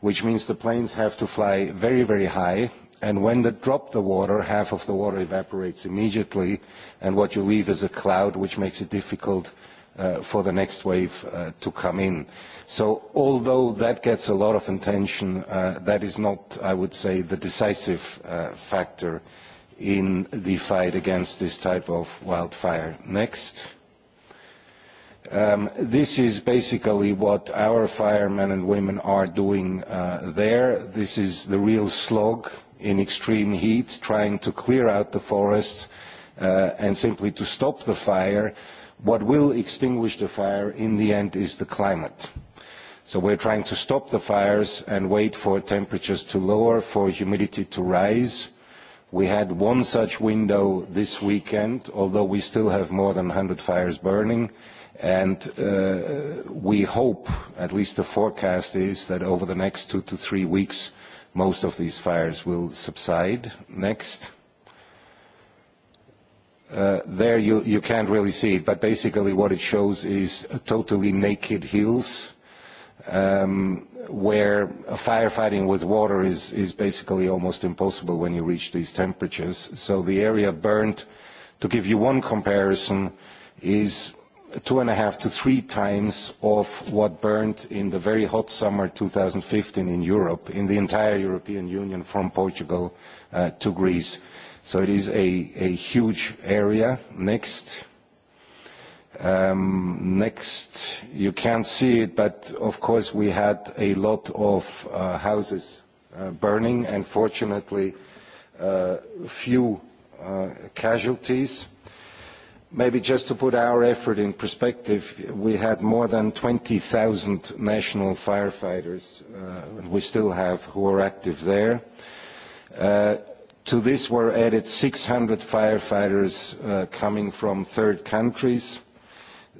which means the planes have to fly very, very high. And when they drop the water, half of the water evaporates immediately. And what you leave is a cloud, which makes it difficult Uh, for the next wave uh, to come in. So although that gets a lot of attention, uh, that is not, I would say, the decisive factor in the fight against this type of wildfire. Next. Um, this is basically what our firemen and women are doing there. This is the real slog in extreme heat, trying to clear out the forests and simply to stop the fire what will extinguish the fire in the end is the climate. So we're trying to stop the fires and wait for temperatures to lower, for humidity to rise. We had one such window this weekend, although we still have more than 100 fires burning. And uh, we hope, at least the forecast is, that over the next two to three weeks, most of these fires will subside. Next. Uh, there you, you can't really see it, but basically what it shows is totally naked hills um, where firefighting with water is, is basically almost impossible when you reach these temperatures. So the area burnt, to give you one comparison, is two and a half to three times of what burned in the very hot summer 2015 in Europe, in the entire European Union from Portugal uh, to Greece. So it is a, a huge area. Next. Um, next, you can't see it, but of course we had a lot of uh, houses uh, burning and fortunately uh, few casualties. Maybe just to put our effort in perspective, we had more than 20,000 national firefighters, and we still have, who are active there. To this were added 600 firefighters uh, coming from third countries.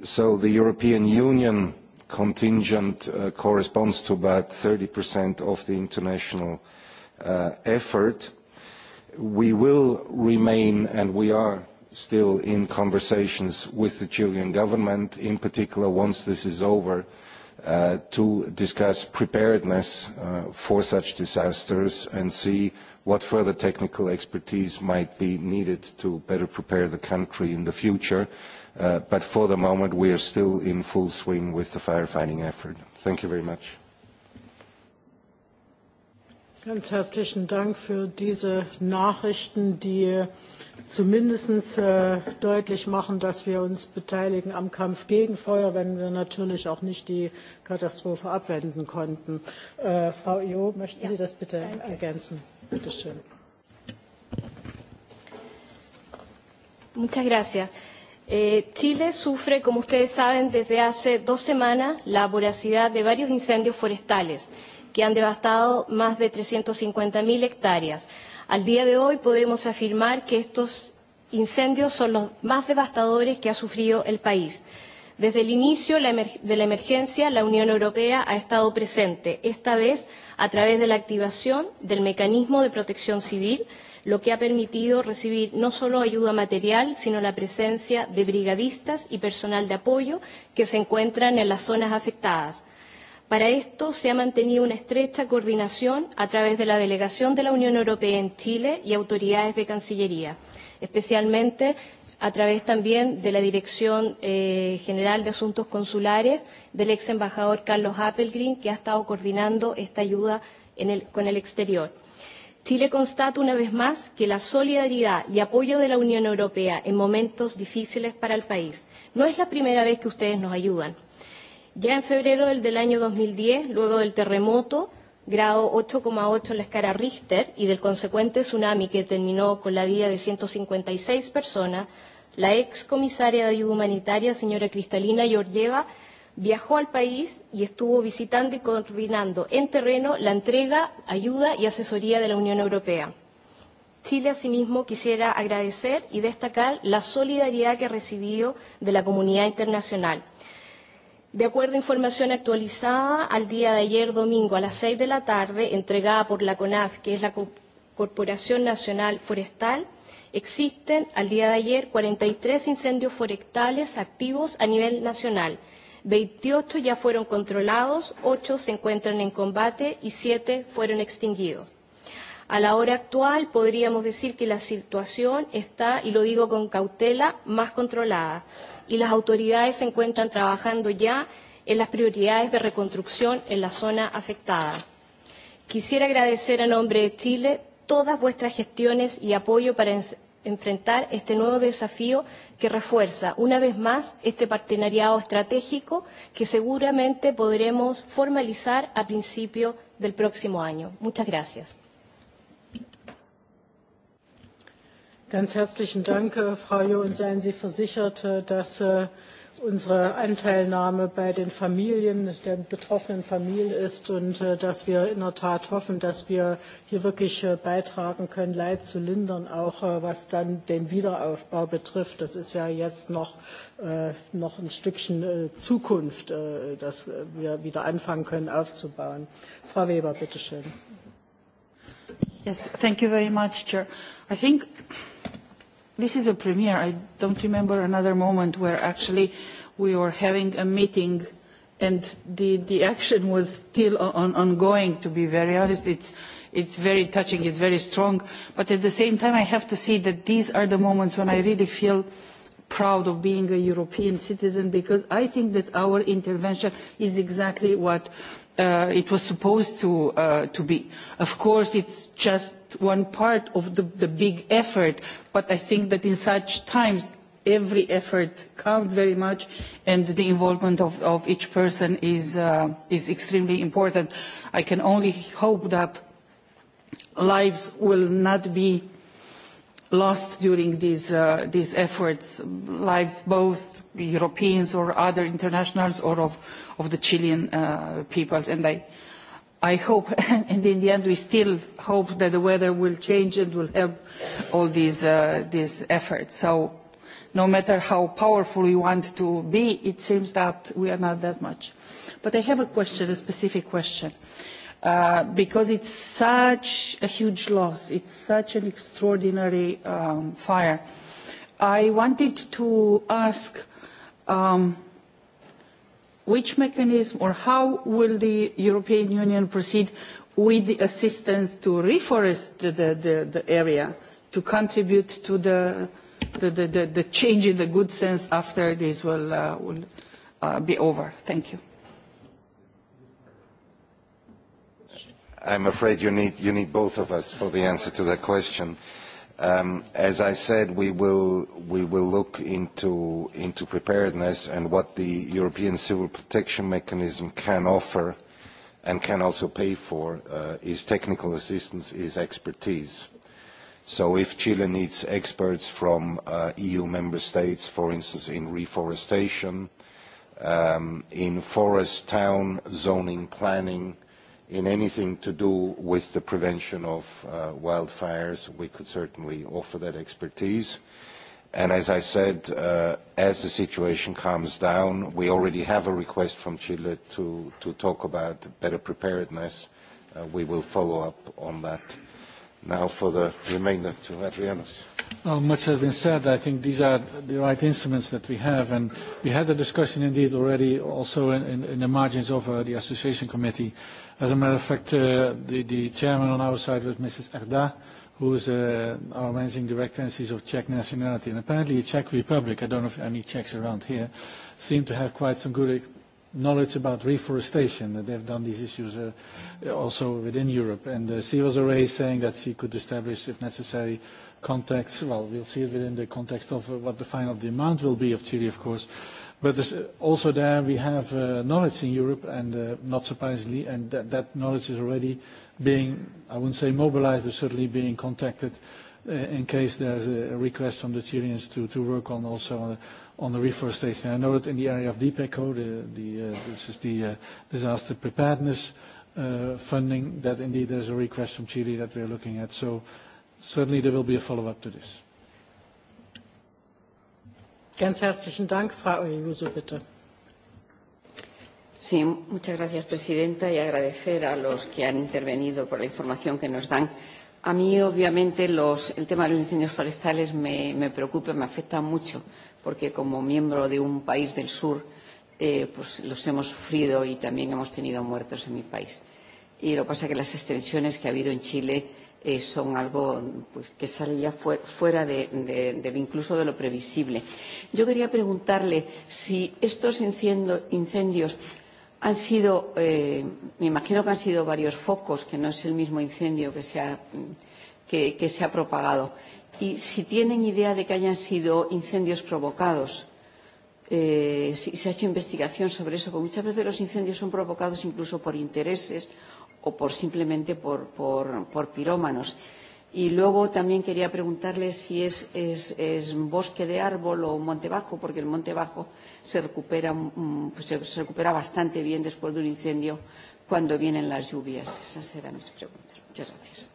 So the European Union contingent uh, corresponds to about 30% of the international uh, effort. We will remain, and we are still in conversations with the Chilean government, in particular once this is over, to discuss preparedness for such disasters and see what further technical expertise might be needed to better prepare the country in the future. Uh, but for the moment, we are still in full swing with the firefighting effort. Thank you very much. Ganz herzlichen Dank für diese Nachrichten, die zumindest äh, deutlich machen, dass wir uns beteiligen am Kampf gegen Feuer, wenn wir natürlich auch nicht die Katastrophe abwenden konnten. Äh, Frau Io, möchten Sie das bitte ergänzen? Muchas gracias. Eh, Chile sufre, como ustedes saben, desde hace dos semanas la voracidad de varios incendios forestales que han devastado más de 350.000 hectáreas. Al día de hoy podemos afirmar que estos incendios son los más devastadores que ha sufrido el país. Desde el inicio de la emergencia, la Unión Europea ha estado presente, esta vez a través de la activación del mecanismo de protección civil, lo que ha permitido recibir no solo ayuda material, sino la presencia de brigadistas y personal de apoyo que se encuentran en las zonas afectadas. Para esto se ha mantenido una estrecha coordinación a través de la delegación de la Unión Europea en Chile y autoridades de Cancillería, especialmente a través también de la Dirección eh, General de Asuntos Consulares del ex embajador Carlos Appelgrin, que ha estado coordinando esta ayuda en el, con el exterior. Chile constata una vez más que la solidaridad y apoyo de la Unión Europea en momentos difíciles para el país. No es la primera vez que ustedes nos ayudan. Ya en febrero del, del año 2010, luego del terremoto, grado 8,8 en la escala Richter y del consecuente tsunami que terminó con la vida de 156 personas, la ex comisaria de ayuda humanitaria, señora Cristalina Georgieva, viajó al país y estuvo visitando y coordinando en terreno la entrega, ayuda y asesoría de la Unión Europea. Chile, asimismo, quisiera agradecer y destacar la solidaridad que ha recibido de la comunidad internacional De acuerdo a información actualizada al día de ayer domingo a las 6 de la tarde, entregada por la CONAF, que es la Corporación Nacional Forestal, existen al día de ayer 43 incendios forestales activos a nivel nacional. 28 ya fueron controlados, 8 se encuentran en combate y 7 fueron extinguidos. A la hora actual podríamos decir que la situación está, y lo digo con cautela, más controlada y las autoridades se encuentran trabajando ya en las prioridades de reconstrucción en la zona afectada. Quisiera agradecer a nombre de Chile todas vuestras gestiones y apoyo para enfrentar este nuevo desafío que refuerza una vez más este partenariado estratégico que seguramente podremos formalizar a principio del próximo año. Muchas gracias. Ganz herzlichen Dank, äh, Frau Jo, und seien Sie versichert, äh, dass äh, unsere Anteilnahme bei den Familien, der betroffenen Familie ist und dass wir in der Tat hoffen, dass wir hier wirklich beitragen können, Leid zu lindern, auch was dann den Wiederaufbau betrifft. Das ist ja jetzt noch, noch ein Stückchen Zukunft, dass wir wieder anfangen können aufzubauen. Frau Weber, bitteschön. Yes, thank you very much, Chair. I think This is a premiere. I don't remember another moment where actually we were having a meeting and the, the action was still on, ongoing, to be very honest. It's, it's very touching, it's very strong. But at the same time, I have to say that these are the moments when I really feel proud of being a European citizen because I think that our intervention is exactly what Uh, it was supposed uh, to, be. Of course, it's just one part of the, big effort, but I think that in such times, every effort counts very much, and the involvement of, each person uh, is extremely important. I can only hope that lives will not be lost during these, uh, these efforts, lives both Europeans or other internationals or of, of the Chilean uh, peoples. And I, I hope, and in the end we still hope that the weather will change and will help all these, uh, these efforts. So no matter how powerful we want to be, it seems that we are not that much. But I have a question, a specific question. Uh, because it's such a huge loss. It's such an extraordinary um, fire. I wanted to ask um, which mechanism or how will the European Union proceed with the assistance to reforest the, the area to contribute to the, the, the, the change in the good sense after this will, uh, will uh, be over. Thank you. I'm afraid you need, you need both of us for the answer to that question. Um, as I said, we will, we will look into, into preparedness and what the European Civil Protection Mechanism can offer and can also pay for uh, is technical assistance, is expertise. So if Chile needs experts from uh, EU member states, for instance, in reforestation, um, in forest town zoning planning, in anything to do with the prevention of uh, wildfires, we could certainly offer that expertise. as I said, uh, as the situation calms down, we already have a request from Chile to, talk about better preparedness. Uh, we will follow up on that now for the remainder to Adrianos. Well, much has been said. I think these are the right instruments that we have, and we had a discussion indeed already also in, in, in the margins of uh, the association committee. As a matter of fact, uh, the, the chairman on our side was Mrs. Erda, who is uh, our managing director, and of Czech nationality. And apparently, the Czech Republic, I don't know if any Czechs around here, seem to have quite some good knowledge about reforestation. That they've done these issues uh, also within Europe. And uh, she was already saying that she could establish, if necessary, contacts. Well, we'll see it within the context of uh, what the final demand will be of Chile, of course. But uh, also there we have uh, knowledge in Europe, and uh, not surprisingly, and that, that knowledge is already being, I wouldn't say mobilized, but certainly being contacted Uh, in case there is a request from the Chileans to, work on also on, the reforestation. I know that in the area of DPECO, oh, the, the, uh, this is the uh, disaster preparedness funding, that indeed is a request from Chile that we are looking at. So certainly there will be a follow-up to this. Ganz herzlichen Dank, Frau Ayuso, bitte. Sí, muchas gracias, Presidenta, y agradecer a los que han intervenido por la información que nos dan a mí, obviamente, los, el tema de los incendios forestales me, me preocupa, me afecta mucho, porque como miembro de un país del sur, eh, pues los hemos sufrido y también hemos tenido muertos en mi país. Y lo que pasa es que las extensiones que ha habido en Chile eh, son algo pues, que sale ya fu fuera de, de, de, incluso de lo previsible. Yo quería preguntarle si estos incendios Han sido, eh, me imagino que han sido varios focos, que no es el mismo incendio que se ha, que, que se ha propagado. Y si tienen idea de que hayan sido incendios provocados, eh, si se ha hecho investigación sobre eso, porque muchas veces los incendios son provocados incluso por intereses o por simplemente por, por, por pirómanos. Y luego también quería preguntarle si es, es, es bosque de árbol o monte bajo, porque el monte bajo se recupera, mm, pues se, se recupera bastante bien después de un incendio cuando vienen las lluvias. Esas eran mis preguntas. Muchas gracias.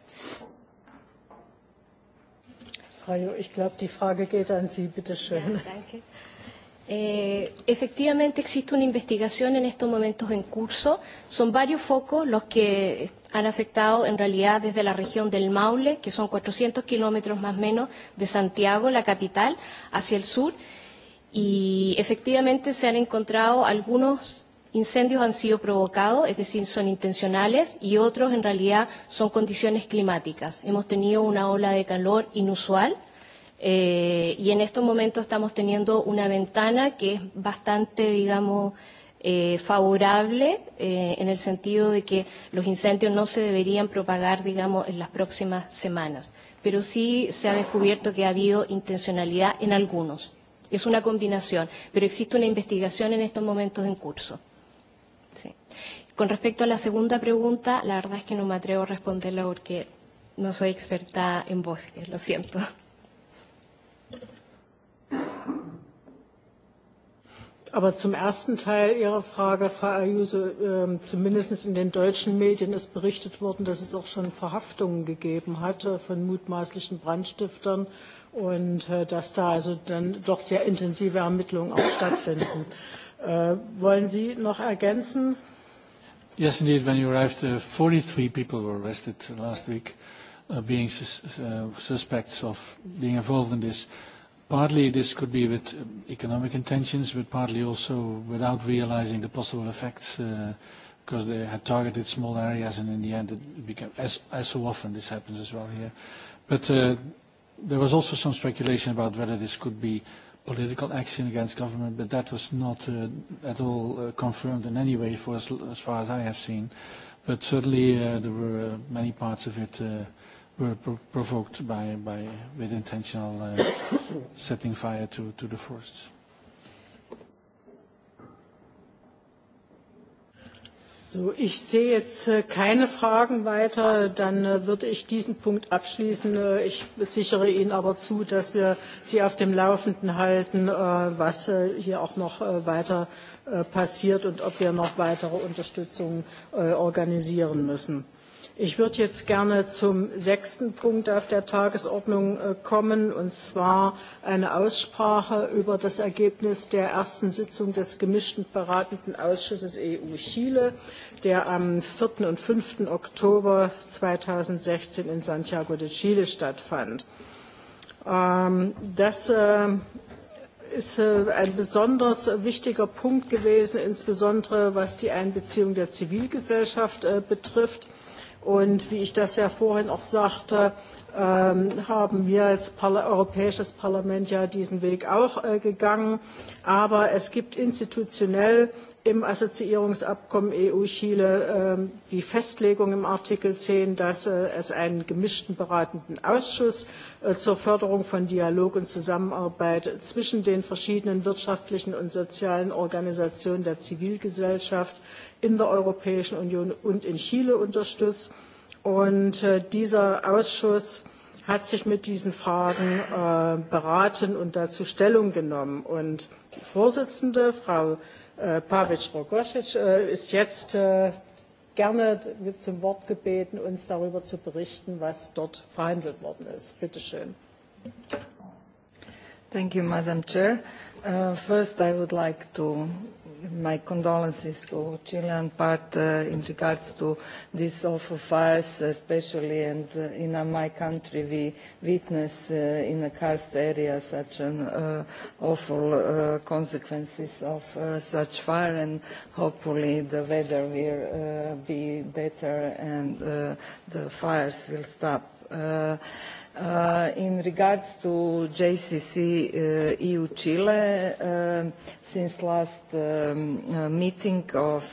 Ich glaube, die Frage geht an Sie, bitte schön. danke. Eh, efectivamente existe una investigación en estos momentos en curso. Son varios focos los que han afectado en realidad desde la región del Maule, que son 400 kilómetros más o menos de Santiago, la capital, hacia el sur. Y efectivamente se han encontrado algunos incendios han sido provocados, es decir, son intencionales y otros en realidad son condiciones climáticas. Hemos tenido una ola de calor inusual eh, y en estos momentos estamos teniendo una ventana que es bastante, digamos, eh, favorable eh, en el sentido de que los incendios no se deberían propagar, digamos, en las próximas semanas. Pero sí se ha descubierto que ha habido intencionalidad en algunos. Es una combinación, pero existe una investigación en estos momentos en curso. Sí. Con respecto a la segunda pregunta, la verdad es que no me atrevo a responderla porque no soy experta en bosques, lo siento. Aber zum ersten Teil Ihrer Frage, Frau Ayuso, ähm, zumindest in den deutschen Medien ist berichtet worden, dass es auch schon Verhaftungen gegeben hatte von mutmaßlichen Brandstiftern und äh, dass da also dann doch sehr intensive Ermittlungen auch stattfinden. Äh, wollen Sie noch ergänzen? Yes, indeed. When you arrived, uh, 43 people were arrested last week, uh, being sus uh, suspects of being involved in this. Partly this could be with um, economic intentions, but partly also without realizing the possible effects, because uh, they had targeted small areas, and in the end it became, as, so often this happens as well here. But uh, there was also some speculation about whether this could be political action against government, but that was not uh, at all confirmed in any way for as, far as I have seen. But certainly there were many parts of it were pro provoked by, by with intentional uh, setting fire to, to the forests. So, ich sehe jetzt äh, keine Fragen weiter. Dann äh, würde ich diesen Punkt abschließen. Äh, ich sichere Ihnen aber zu, dass wir Sie auf dem Laufenden halten, was hier auch noch weiter passiert und ob wir noch weitere Unterstützung organisieren müssen. Ich würde jetzt gerne zum sechsten Punkt auf der Tagesordnung äh, kommen, und zwar eine Aussprache über das Ergebnis der ersten Sitzung des gemischten beratenden Ausschusses EU-Chile, der am 4. und 5. Oktober 2016 in Santiago de Chile stattfand. Ähm, das äh, ist äh, ein besonders wichtiger Punkt gewesen, insbesondere was die Einbeziehung der Zivilgesellschaft betrifft Und wie ich das ja vorhin auch sagte, ähm, haben wir als Europäisches Parlament ja diesen Weg auch äh, gegangen. Aber es gibt institutionell im Assoziierungsabkommen EU-Chile ähm, die Festlegung im Artikel 10, dass äh, es einen gemischten beratenden Ausschuss äh, zur Förderung von Dialog und Zusammenarbeit zwischen den verschiedenen wirtschaftlichen und sozialen Organisationen der Zivilgesellschaft in der Europäischen Union und in Chile unterstützt. Und äh, dieser Ausschuss hat sich mit diesen Fragen äh, beraten und dazu Stellung genommen. Und die Vorsitzende, Frau äh, Pavic Rogosic, äh, ist jetzt äh, gerne zum Wort gebeten, uns darüber zu berichten, was dort verhandelt worden ist. Bitte schön. Thank you, Madam Chair. Uh, first, I would like to my condolences to Chilean part uh, in regards to these awful fires, especially and uh, in uh, my country we witness uh, in the karst area such an uh, awful uh, consequences of uh, such fire and hopefully the weather will uh, be better and uh, the fires will stop. Uh, Uh, in regards to JCC uh, EU Chile, uh, since last um, uh, meeting of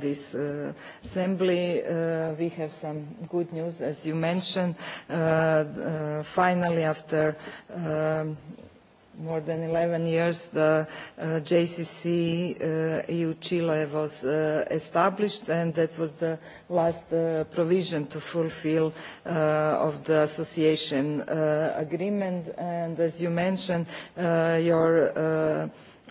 this assembly, we have some good news, as you mentioned. Finally, after uh more than 11 years the uh, JCC uh, EU Chile was uh, established and that was the last uh, provision to fulfill uh, of the association uh, agreement and as you mentioned your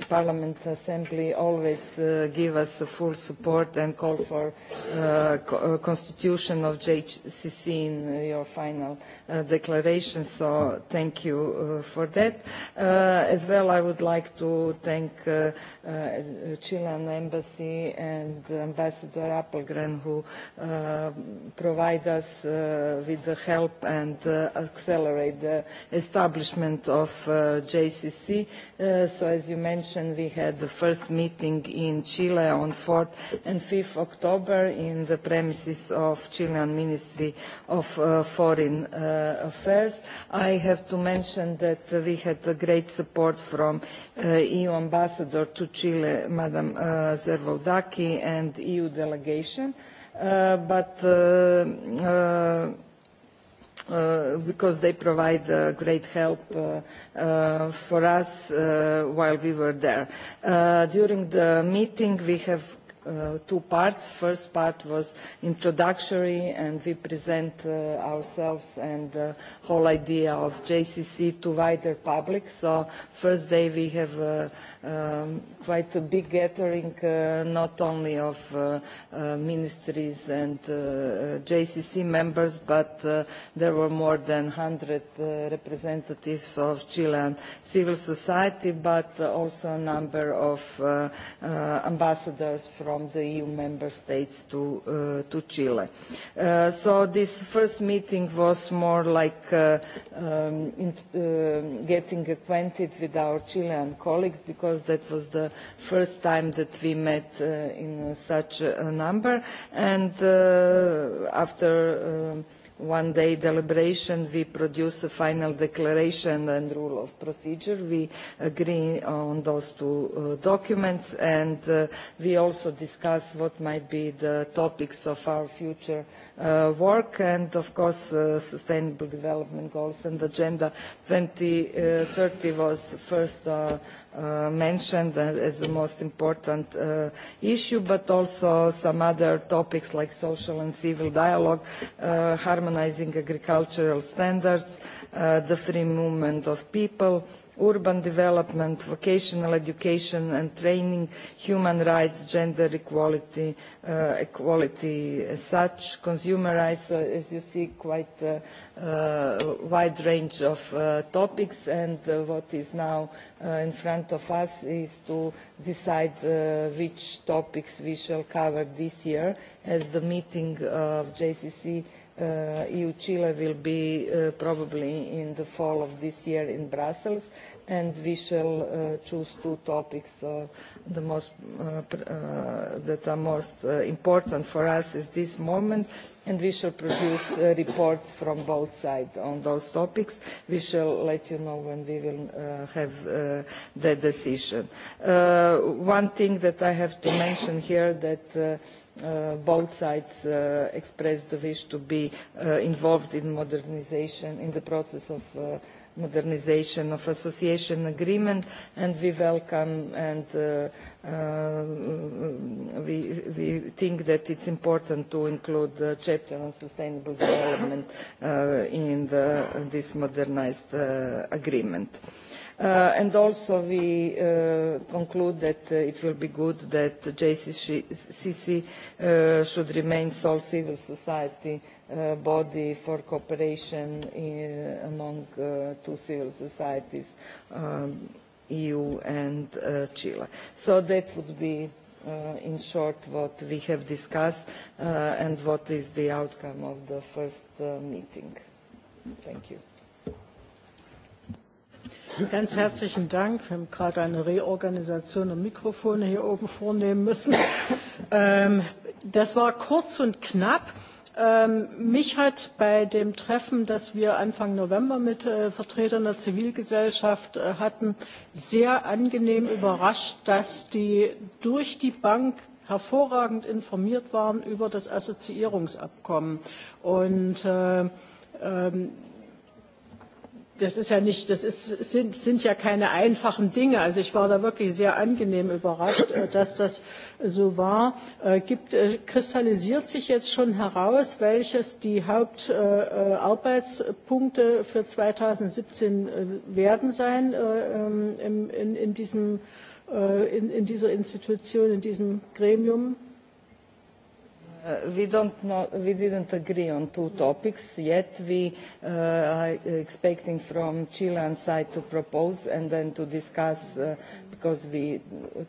Parliament Assembly always uh, give us full support and call for the uh, uh, constitution of JCC in your final uh, declaration, so thank you for that. As well, I would like to thank Chilean Embassy and Ambassador Appelgren who provide us with the help and accelerate the establishment of JCC. So as you mentioned, mentioned, we had the first meeting in Chile on 4th and 5th October in the premises of Chilean Ministry of uh, Foreign uh, Affairs. I have to mention that we had great support from uh, EU Ambassador to Chile, Madam Zervoudaki, and EU delegation. But Uh, because they provide uh, great help uh, uh, for us while we were there. During the meeting, we have Uh, two parts. First part was introductory and we present uh, ourselves and the whole idea of JCC to wider public. So first day we have uh, um, quite a big gathering uh, not only of uh, uh, ministries and uh, JCC members but there were more than 100 representatives of Chilean civil society but also a number of ambassadors from from the EU member states to, uh, to Chile. Uh, so this first meeting was more like uh, um, getting acquainted with our Chilean colleagues because that was the first time that we met in such a number and after um, one day deliberation we produce a final declaration and rule of procedure we agree on those two uh, documents and uh, we also discuss what might be the topics of our future uh, work and of course sustainable development goals and agenda 2030 was first Uh, mentioned as the most important uh, issue, but also some other topics like social and civil dialogue, uh, harmonizing agricultural standards, uh, the free movement of people, urban development, vocational education and training, human rights, gender equality, uh, equality as such, consumer rights, as you see, quite a uh, uh, wide range of topics and what is now in front of us is to decide which topics we shall cover this year as the meeting of JCC uh, EU Chile will be uh, probably in the fall of this year in Brussels and we shall uh, choose two topics uh, the most uh, uh that are most uh, important for us is this moment and we shall produce uh, reports from both sides on those topics we shall let you know when we will have the decision one thing that i have to mention here that Uh, both sides uh, expressed the wish to be uh, involved in modernization, in the process of uh, modernization of association agreement, and we welcome and uh, uh, we, we think that it's important to include the chapter on sustainable development in the, this modernized agreement. Uh, and also we uh, conclude that uh, it will be good that JCC uh, should remain sole civil society uh, body for cooperation in, among two civil societies, um, EU and Chile. So that would be Uh, in short what we have discussed uh, and what is the outcome of the first uh, meeting. Thank you. Ganz herzlichen Dank. Wir haben gerade eine Reorganisation der Mikrofone hier oben vornehmen müssen. Ähm, das war kurz und knapp. Ähm, mich hat bei dem Treffen, das wir Anfang November mit äh, Vertretern der Zivilgesellschaft äh, hatten, sehr angenehm überrascht, dass die durch die Bank hervorragend informiert waren über das Assoziierungsabkommen. Und äh, ähm, das ist ja nicht, das ist, sind, sind ja keine einfachen Dinge. Also ich war da wirklich sehr angenehm überrascht, äh, dass das so war. Äh, gibt, äh, kristallisiert sich jetzt schon heraus, welches die Hauptarbeitspunkte für 2017 werden sein ähm, in, in, in, diesem, in, in dieser Institution, in diesem Gremium? we don't know, we didn't agree on two topics yet. We uh, are expecting from Chilean side to propose and then to discuss uh, because we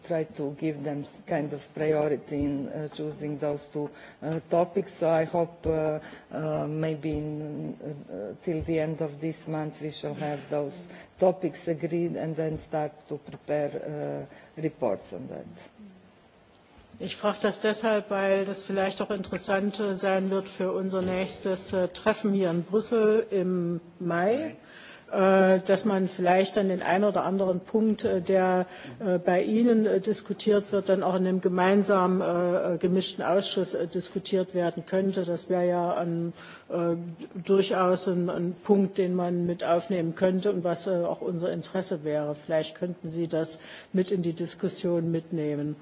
try to give them kind of priority in uh, choosing those two uh, topics. So I hope uh, maybe in, till the end of this month we shall have those topics agreed and then start to prepare reports on that. Ich frage das deshalb, weil das vielleicht auch interessant äh, sein wird für unser nächstes äh, Treffen hier in Brüssel im Mai mhm. äh, dass man vielleicht dann den einen oder anderen Punkt, der bei Ihnen diskutiert wird, dann auch in einem gemeinsamen gemischten Ausschuss diskutiert werden könnte. Das wäre ja ein, durchaus ein, ein Punkt, den man mit aufnehmen könnte und was auch unser Interesse wäre. Vielleicht könnten Sie das mit in die Diskussion mitnehmen.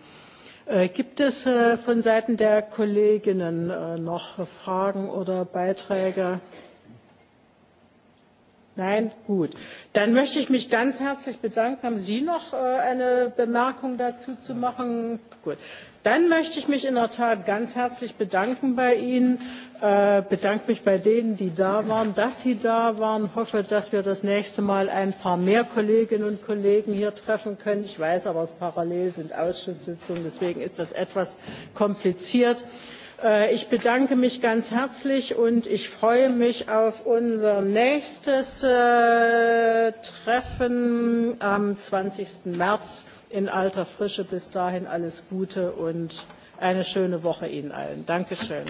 Äh, gibt es äh, von Seiten der Kolleginnen äh, noch Fragen oder Beiträge? Nein, gut. Dann möchte ich mich ganz herzlich bedanken. Haben Sie noch eine Bemerkung dazu zu machen? Gut. Dann möchte ich mich in der Tat ganz herzlich bedanken bei Ihnen, äh, bedanke mich bei denen, die da waren, dass Sie da waren, hoffe, dass wir das nächste Mal ein paar mehr Kolleginnen und Kollegen hier treffen können. Ich weiß aber, es parallel sind Ausschusssitzungen, deswegen ist das etwas kompliziert. Äh, ich bedanke mich ganz herzlich und ich freue mich auf unser nächstes äh, Treffen am 20. März in alter Frische. Bis dahin alles Gute und eine schöne Woche Ihnen allen. Dankeschön.